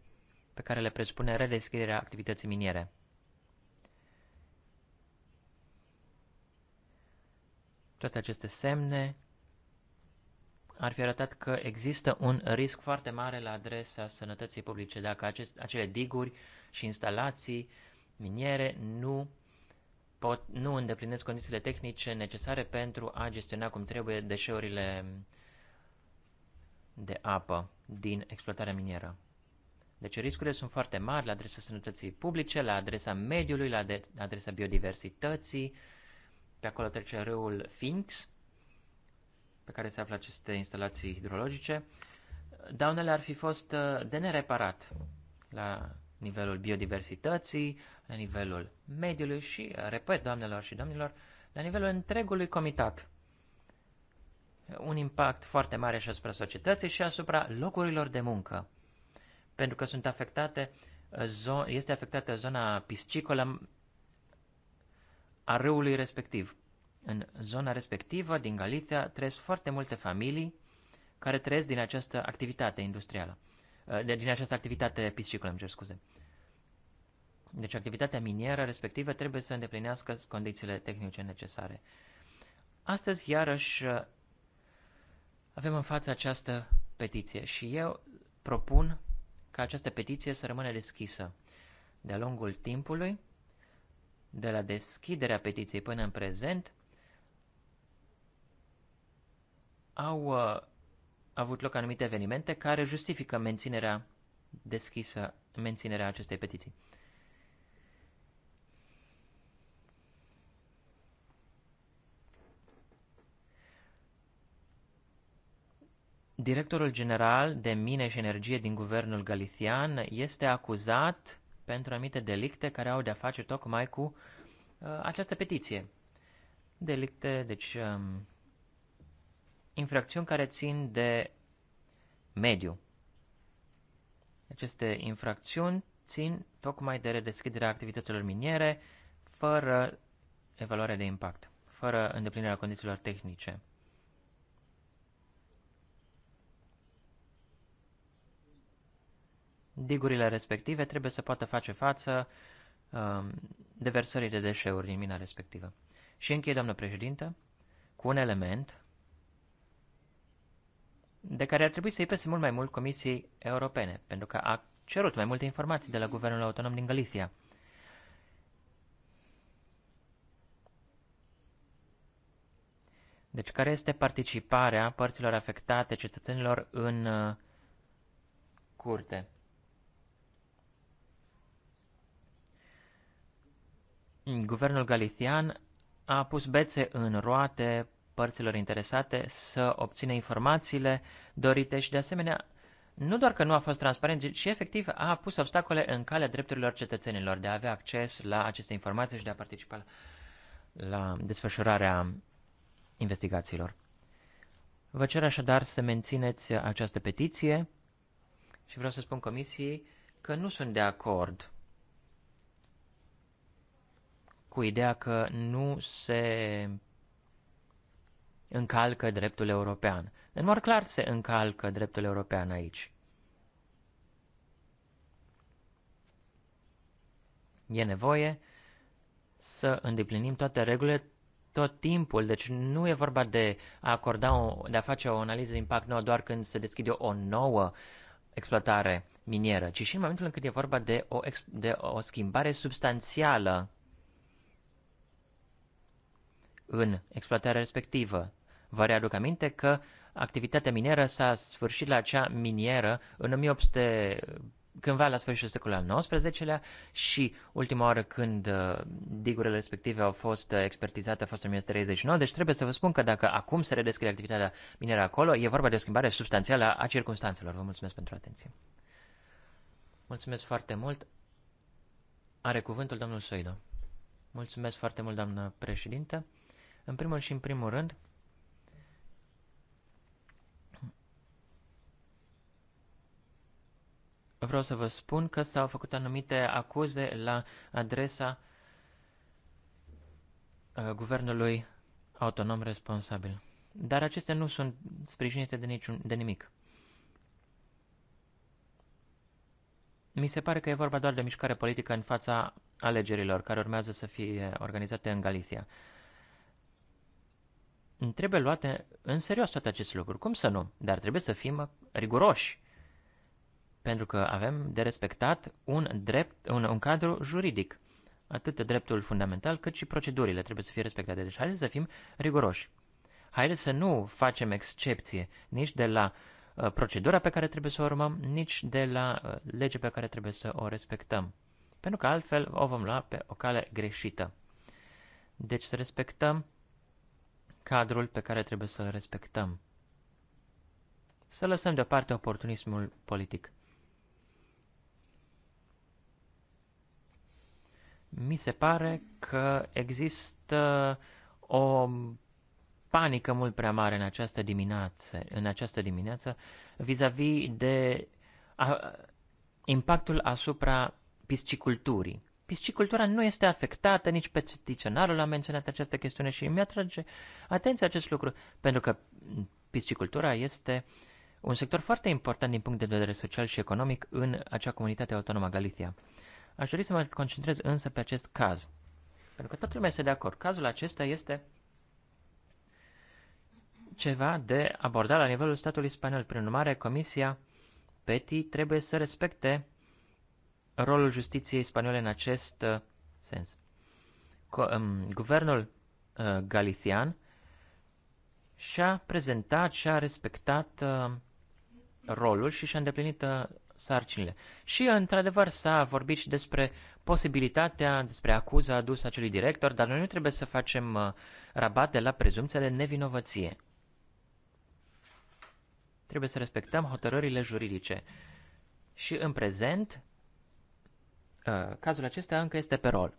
pe care le presupune redeschiderea activității miniere. Toate aceste semne ar fi arătat că există un risc foarte mare la adresa sănătății publice dacă acest, acele diguri și instalații miniere nu, pot, nu îndeplinesc condițiile tehnice necesare pentru a gestiona cum trebuie deșeurile de apă din exploatarea minieră. Deci riscurile sunt foarte mari la adresa sănătății publice, la adresa mediului, la, de, la adresa biodiversității. Pe acolo trece râul Finks, pe care se află aceste instalații hidrologice, daunele ar fi fost uh, de nereparat la nivelul biodiversității, la nivelul mediului și, uh, repet, doamnelor și domnilor, la nivelul întregului comitat. Un impact foarte mare și asupra societății și asupra locurilor de muncă, pentru că sunt afectate, uh, este afectată zona piscicolă a râului respectiv. În zona respectivă, din Galicia, trăiesc foarte multe familii care trăiesc din această activitate industrială, uh, din această activitate piscicolă, îmi cer scuze. Deci activitatea minieră respectivă trebuie să îndeplinească condițiile tehnice necesare. Astăzi, iarăși, uh, avem în față această petiție și eu propun ca această petiție să rămână deschisă. De-a lungul timpului, de la deschiderea petiției până în prezent, au uh, avut loc anumite evenimente care justifică menținerea deschisă, menținerea acestei petiții. Directorul general de mine și energie din guvernul galician este acuzat pentru anumite delicte care au de-a face tocmai cu uh, această petiție. Delicte, deci, um, infracțiuni care țin de mediu. Aceste infracțiuni țin tocmai de redeschiderea activităților miniere fără evaluare de impact, fără îndeplinirea condițiilor tehnice. Digurile respective trebuie să poată face față um, deversării de deșeuri din mina respectivă. Și închei, doamnă președintă, cu un element de care ar trebui să-i pese mult mai mult Comisiei Europene, pentru că a cerut mai multe informații de la Guvernul Autonom din Galicia. Deci, care este participarea părților afectate cetățenilor în uh, curte? Guvernul galician a pus bețe în roate părților interesate să obțină informațiile dorite și, de asemenea, nu doar că nu a fost transparent, ci efectiv a pus obstacole în calea drepturilor cetățenilor de a avea acces la aceste informații și de a participa la desfășurarea investigațiilor. Vă cer așadar să mențineți această petiție și vreau să spun comisiei că nu sunt de acord cu ideea că nu se încalcă dreptul european. În mod clar se încalcă dreptul european aici. E nevoie să îndeplinim toate regulile tot timpul, deci nu e vorba de a acorda, o, de a face o analiză de impact nouă doar când se deschide o nouă exploatare minieră, ci și în momentul în când e vorba de o, de o schimbare substanțială în exploatarea respectivă. Vă readuc aminte că activitatea mineră s-a sfârșit la acea minieră în 1800, cândva la sfârșitul secolului al XIX-lea și ultima oară când uh, digurile respective au fost uh, expertizate a fost în 1939, deci trebuie să vă spun că dacă acum se redescrie activitatea mineră acolo, e vorba de o schimbare substanțială a circunstanțelor. Vă mulțumesc pentru atenție. Mulțumesc foarte mult. Are cuvântul domnul Soido. Mulțumesc foarte mult, doamnă președintă. În primul și în primul rând, vreau să vă spun că s-au făcut anumite acuze la adresa uh, guvernului autonom responsabil. Dar acestea nu sunt sprijinite de, niciun, de nimic. Mi se pare că e vorba doar de mișcare politică în fața alegerilor care urmează să fie organizate în Galicia. Trebuie luate în serios toate aceste lucruri. Cum să nu? Dar trebuie să fim riguroși pentru că avem de respectat un, drept, un, un cadru juridic. Atât dreptul fundamental cât și procedurile trebuie să fie respectate. Deci haideți să fim riguroși. Haideți să nu facem excepție nici de la uh, procedura pe care trebuie să o urmăm, nici de la uh, lege pe care trebuie să o respectăm. Pentru că altfel o vom lua pe o cale greșită. Deci să respectăm cadrul pe care trebuie să-l respectăm. Să lăsăm deoparte oportunismul politic. mi se pare că există o panică mult prea mare în această dimineață, în această dimineață vis-a-vis -vis de a, impactul asupra pisciculturii. Piscicultura nu este afectată, nici ticenarul a menționat această chestiune și mi atrage atenția acest lucru, pentru că piscicultura este un sector foarte important din punct de vedere social și economic în acea comunitate autonomă Galicia. Aș dori să mă concentrez însă pe acest caz. Pentru că toată lumea este de acord. Cazul acesta este ceva de abordat la nivelul statului spaniol. Prin urmare, Comisia PETI trebuie să respecte rolul justiției spaniole în acest uh, sens. Um, guvernul uh, galician și-a prezentat și-a respectat uh, rolul și și-a îndeplinit sarcinile. Și, într-adevăr, s-a vorbit și despre posibilitatea, despre acuza adusă acelui director, dar noi nu trebuie să facem uh, rabat de la prezumția de nevinovăție. Trebuie să respectăm hotărârile juridice. Și în prezent, uh, cazul acesta încă este pe rol.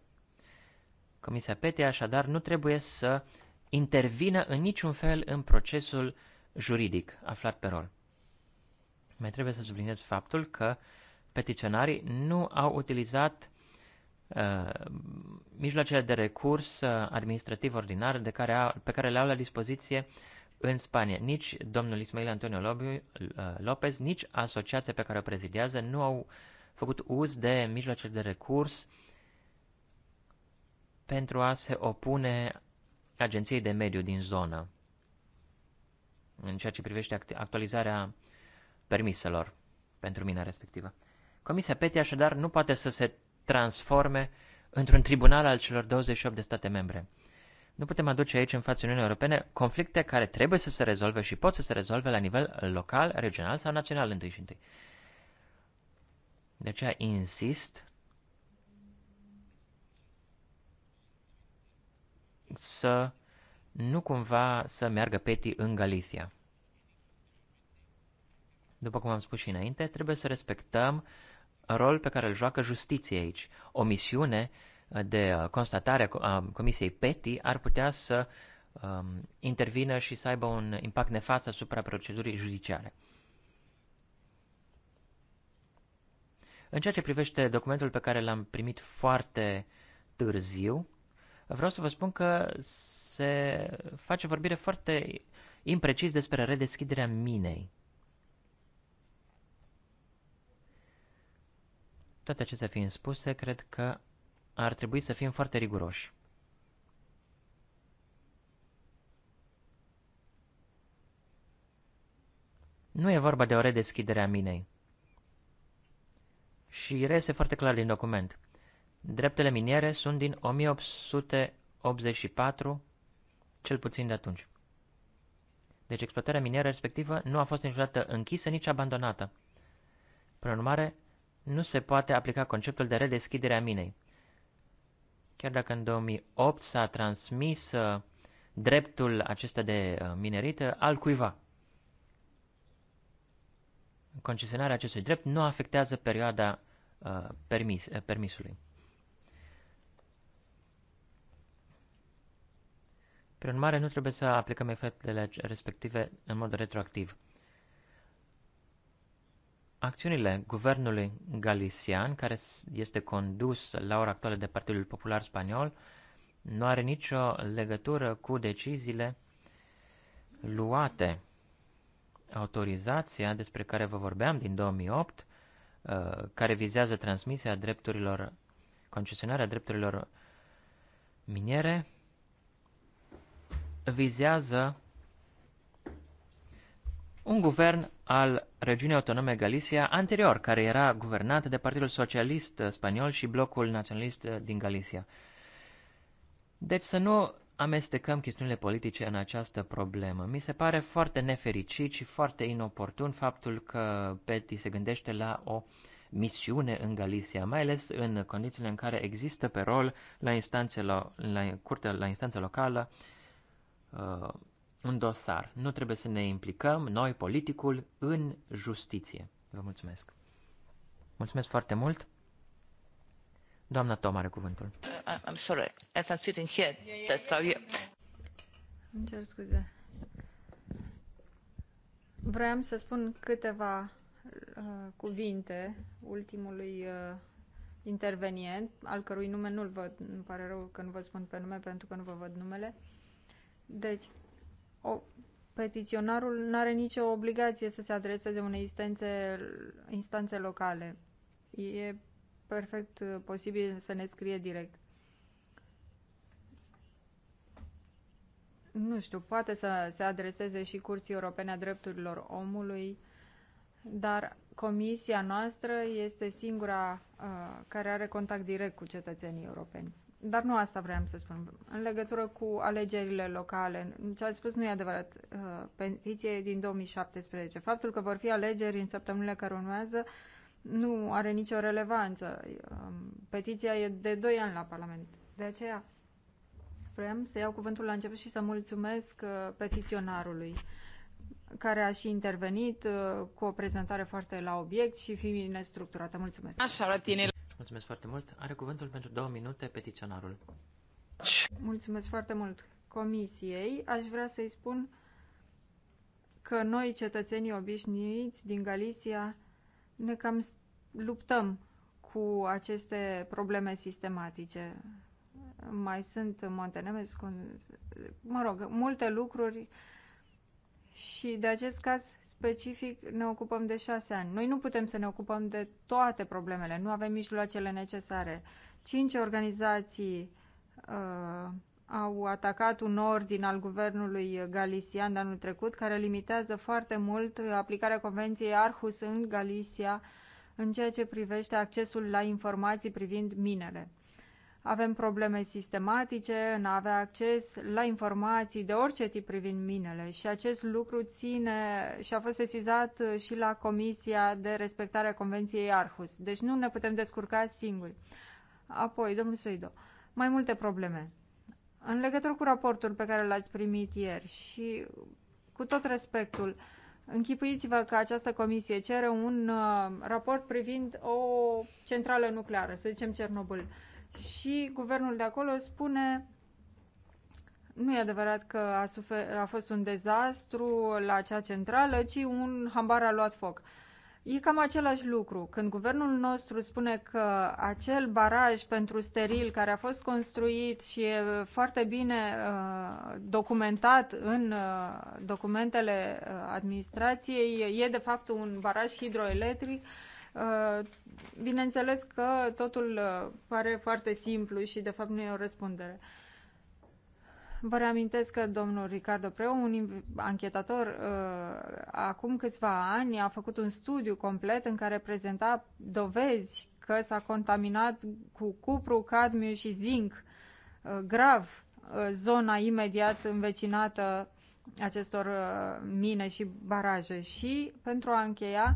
Comisia PETE așadar nu trebuie să intervină în niciun fel în procesul juridic aflat pe rol. Mai trebuie să subliniez faptul că petiționarii nu au utilizat uh, mijloacele de recurs uh, administrativ ordinar de care au, pe care le au la dispoziție în Spania. Nici domnul Ismail Antonio uh, Lopez, nici asociația pe care o prezidează nu au făcut uz de mijloacele de recurs pentru a se opune agenției de mediu din zonă. În ceea ce privește actualizarea permiselor pentru mina respectivă. Comisia PETI așadar nu poate să se transforme într-un tribunal al celor 28 de state membre. Nu putem aduce aici în fața Uniunii Europene conflicte care trebuie să se rezolve și pot să se rezolve la nivel local, regional sau național întâi și întâi. De aceea insist să nu cumva să meargă Peti în Galicia. După cum am spus și înainte, trebuie să respectăm rolul pe care îl joacă justiția aici. O misiune uh, de uh, constatare a Comisiei PETI ar putea să um, intervină și să aibă un impact nefast asupra procedurii judiciare. În ceea ce privește documentul pe care l-am primit foarte târziu, vreau să vă spun că se face vorbire foarte imprecis despre redeschiderea minei. Toate acestea fiind spuse, cred că ar trebui să fim foarte riguroși. Nu e vorba de o redeschidere a minei. Și reiese foarte clar din document. Dreptele miniere sunt din 1884, cel puțin de atunci. Deci exploatarea minieră respectivă nu a fost niciodată închisă, nici abandonată. Prin urmare, nu se poate aplica conceptul de redeschidere a minei. Chiar dacă în 2008 s-a transmis uh, dreptul acesta de uh, minerit uh, al cuiva. Concesionarea acestui drept nu afectează perioada uh, permis, uh, permisului. Prin urmare, nu trebuie să aplicăm efectele respective în mod retroactiv. Acțiunile guvernului galician, care este condus la ora actuală de Partidul Popular Spaniol, nu are nicio legătură cu deciziile luate. Autorizația despre care vă vorbeam din 2008, uh, care vizează transmisia drepturilor, concesionarea drepturilor miniere, vizează un guvern al regiunii autonome Galicia anterior, care era guvernată de Partidul Socialist Spaniol și Blocul Naționalist din Galicia. Deci să nu amestecăm chestiunile politice în această problemă. Mi se pare foarte nefericit și foarte inoportun faptul că Peti se gândește la o misiune în Galicia, mai ales în condițiile în care există pe rol la instanțe, la, la, curte, la instanță locală uh, un dosar. Nu trebuie să ne implicăm, noi, politicul, în justiție. Vă mulțumesc. Mulțumesc foarte mult. Doamna Tom are cuvântul. Uh, I'm sorry, as I'm sitting here, that's how you... Îmi cer scuze. Vreau să spun câteva uh, cuvinte ultimului uh, intervenient, al cărui nume nu-l văd, îmi pare rău că nu vă spun pe nume pentru că nu vă văd numele. Deci, o, petiționarul nu are nicio obligație să se adreseze unei instanțe, instanțe locale. E perfect uh, posibil să ne scrie direct. Nu știu, poate să se adreseze și Curții Europene a Drepturilor Omului, dar comisia noastră este singura uh, care are contact direct cu cetățenii europeni. Dar nu asta vreau să spun. În legătură cu alegerile locale, ce ați spus nu e adevărat. Uh, petiție din 2017. Faptul că vor fi alegeri în săptămânile care urmează nu are nicio relevanță. Um, petiția e de 2 ani la Parlament. De aceea vrem să iau cuvântul la început și să mulțumesc uh, petiționarului care a și intervenit uh, cu o prezentare foarte la obiect și fiind structurată. Mulțumesc! Așa, la tine. Mulțumesc foarte mult. Are cuvântul pentru două minute petiționarul. Mulțumesc foarte mult comisiei. Aș vrea să-i spun că noi, cetățenii obișnuiți din Galicia, ne cam luptăm cu aceste probleme sistematice. Mai sunt Montenemes, mă rog, multe lucruri uh, și de acest caz specific ne ocupăm de șase ani. Noi nu putem să ne ocupăm de toate problemele, nu avem mijloacele necesare. Cinci organizații uh, au atacat un ordin al guvernului galician de anul trecut care limitează foarte mult aplicarea Convenției Arhus în Galicia în ceea ce privește accesul la informații privind minele. Avem probleme sistematice în a avea acces la informații de orice tip privind minele și acest lucru ține și a fost sesizat și la Comisia de Respectare a Convenției Arhus. Deci nu ne putem descurca singuri. Apoi, domnul Suido, mai multe probleme. În legătură cu raportul pe care l-ați primit ieri și cu tot respectul, închipuiți-vă că această comisie cere un uh, raport privind o centrală nucleară, să zicem Cernobâl. Uh, și guvernul de acolo spune nu e adevărat că a, sufer- a fost un dezastru la acea centrală, ci un hambar a luat foc. E cam același lucru. Când guvernul nostru spune că acel baraj pentru steril care a fost construit și e foarte bine uh, documentat în uh, documentele uh, administrației, e de fapt un baraj hidroelectric, uh, Uh, bineînțeles că totul uh, pare foarte simplu și de fapt nu e o răspundere. Vă reamintesc că domnul Ricardo Preu, un anchetator uh, acum câțiva ani, a făcut un studiu complet în care prezenta dovezi că s-a contaminat cu cupru, cadmiu și zinc grav zona imediat învecinată acestor mine și baraje. Și pentru a încheia,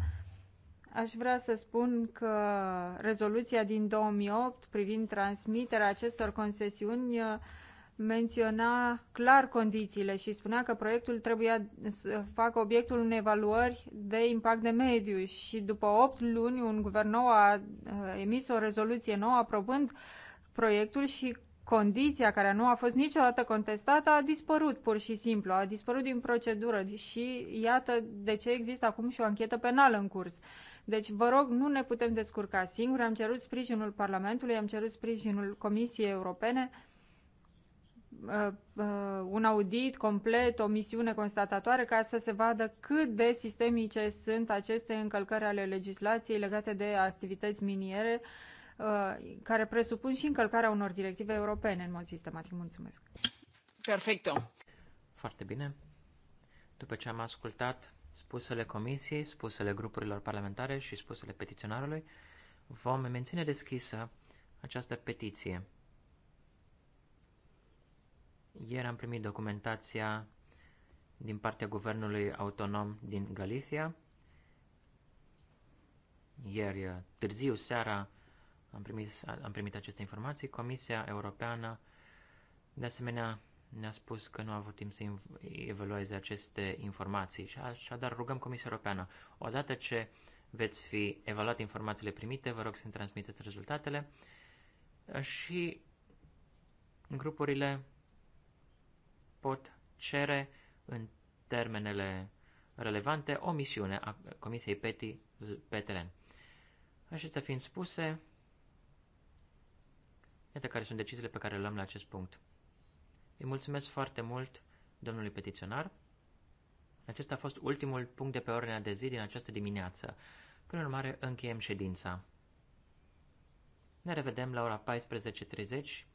Aș vrea să spun că rezoluția din 2008 privind transmiterea acestor concesiuni uh, menționa clar condițiile și spunea că proiectul trebuia să facă obiectul unei evaluări de impact de mediu și după 8 luni un guvern nou a uh, emis o rezoluție nouă aprobând proiectul și condiția care nu a fost niciodată contestată a dispărut pur și simplu, a dispărut din procedură și iată de ce există acum și o anchetă penală în curs. Deci, vă rog, nu ne putem descurca singuri, am cerut sprijinul Parlamentului, am cerut sprijinul Comisiei Europene, uh, uh, un audit complet, o misiune constatatoare ca să se vadă cât de sistemice sunt aceste încălcări ale legislației legate de activități miniere, Uh, care presupun și încălcarea unor directive europene în mod sistematic. Mulțumesc! Perfecto! Foarte bine! După ce am ascultat spusele comisiei, spusele grupurilor parlamentare și spusele petiționarului, vom menține deschisă această petiție. Ieri am primit documentația din partea guvernului autonom din Galicia. Ieri, târziu seara, am primit, am primit aceste informații. Comisia Europeană, de asemenea, ne-a spus că nu a avut timp să evalueze aceste informații și așadar rugăm Comisia Europeană, odată ce veți fi evaluat informațiile primite, vă rog să-mi transmiteți rezultatele și grupurile pot cere în termenele relevante o misiune a Comisiei PETI pe teren. Acestea fiind spuse, Iată care sunt deciziile pe care le luăm la acest punct. Îi mulțumesc foarte mult domnului petiționar. Acesta a fost ultimul punct de pe ordinea de zi din această dimineață. Prin urmare, încheiem ședința. Ne revedem la ora 14.30.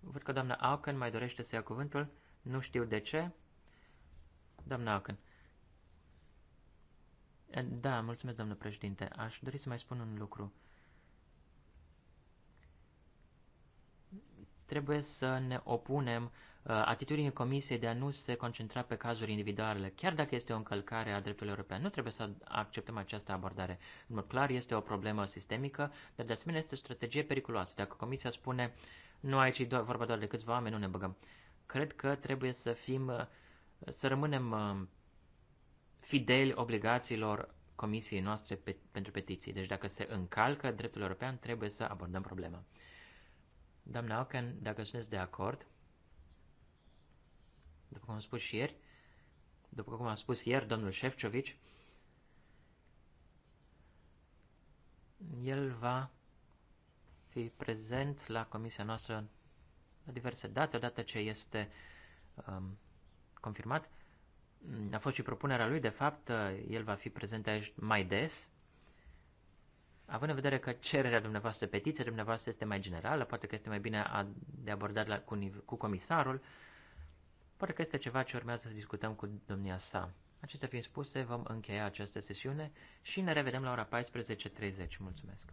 Văd că doamna Auken mai dorește să ia cuvântul. Nu știu de ce. Doamna Auken. Da, mulțumesc, doamnă președinte. Aș dori să mai spun un lucru. trebuie să ne opunem uh, atitudinii Comisiei de a nu se concentra pe cazuri individuale, chiar dacă este o încălcare a dreptului european. Nu trebuie să acceptăm această abordare. În mod clar, este o problemă sistemică, dar de asemenea este o strategie periculoasă. Dacă Comisia spune, nu aici e vorba doar de câțiva oameni, nu ne băgăm. Cred că trebuie să fim, uh, să rămânem uh, fideli obligațiilor Comisiei noastre pe, pentru petiții. Deci dacă se încalcă dreptul european, trebuie să abordăm problema. Doamna Ocan, dacă sunteți de acord, după cum am spus și ieri, după cum a spus ieri domnul Șefcovici, el va fi prezent la comisia noastră la diverse date, odată ce este um, confirmat. A fost și propunerea lui, de fapt, uh, el va fi prezent aici mai des, având în vedere că cererea dumneavoastră, petiția dumneavoastră este mai generală, poate că este mai bine a, de abordat la, cu, cu comisarul, poate că este ceva ce urmează să discutăm cu domnia sa. Acestea fiind spuse, vom încheia această sesiune și ne revedem la ora 14.30. Mulțumesc!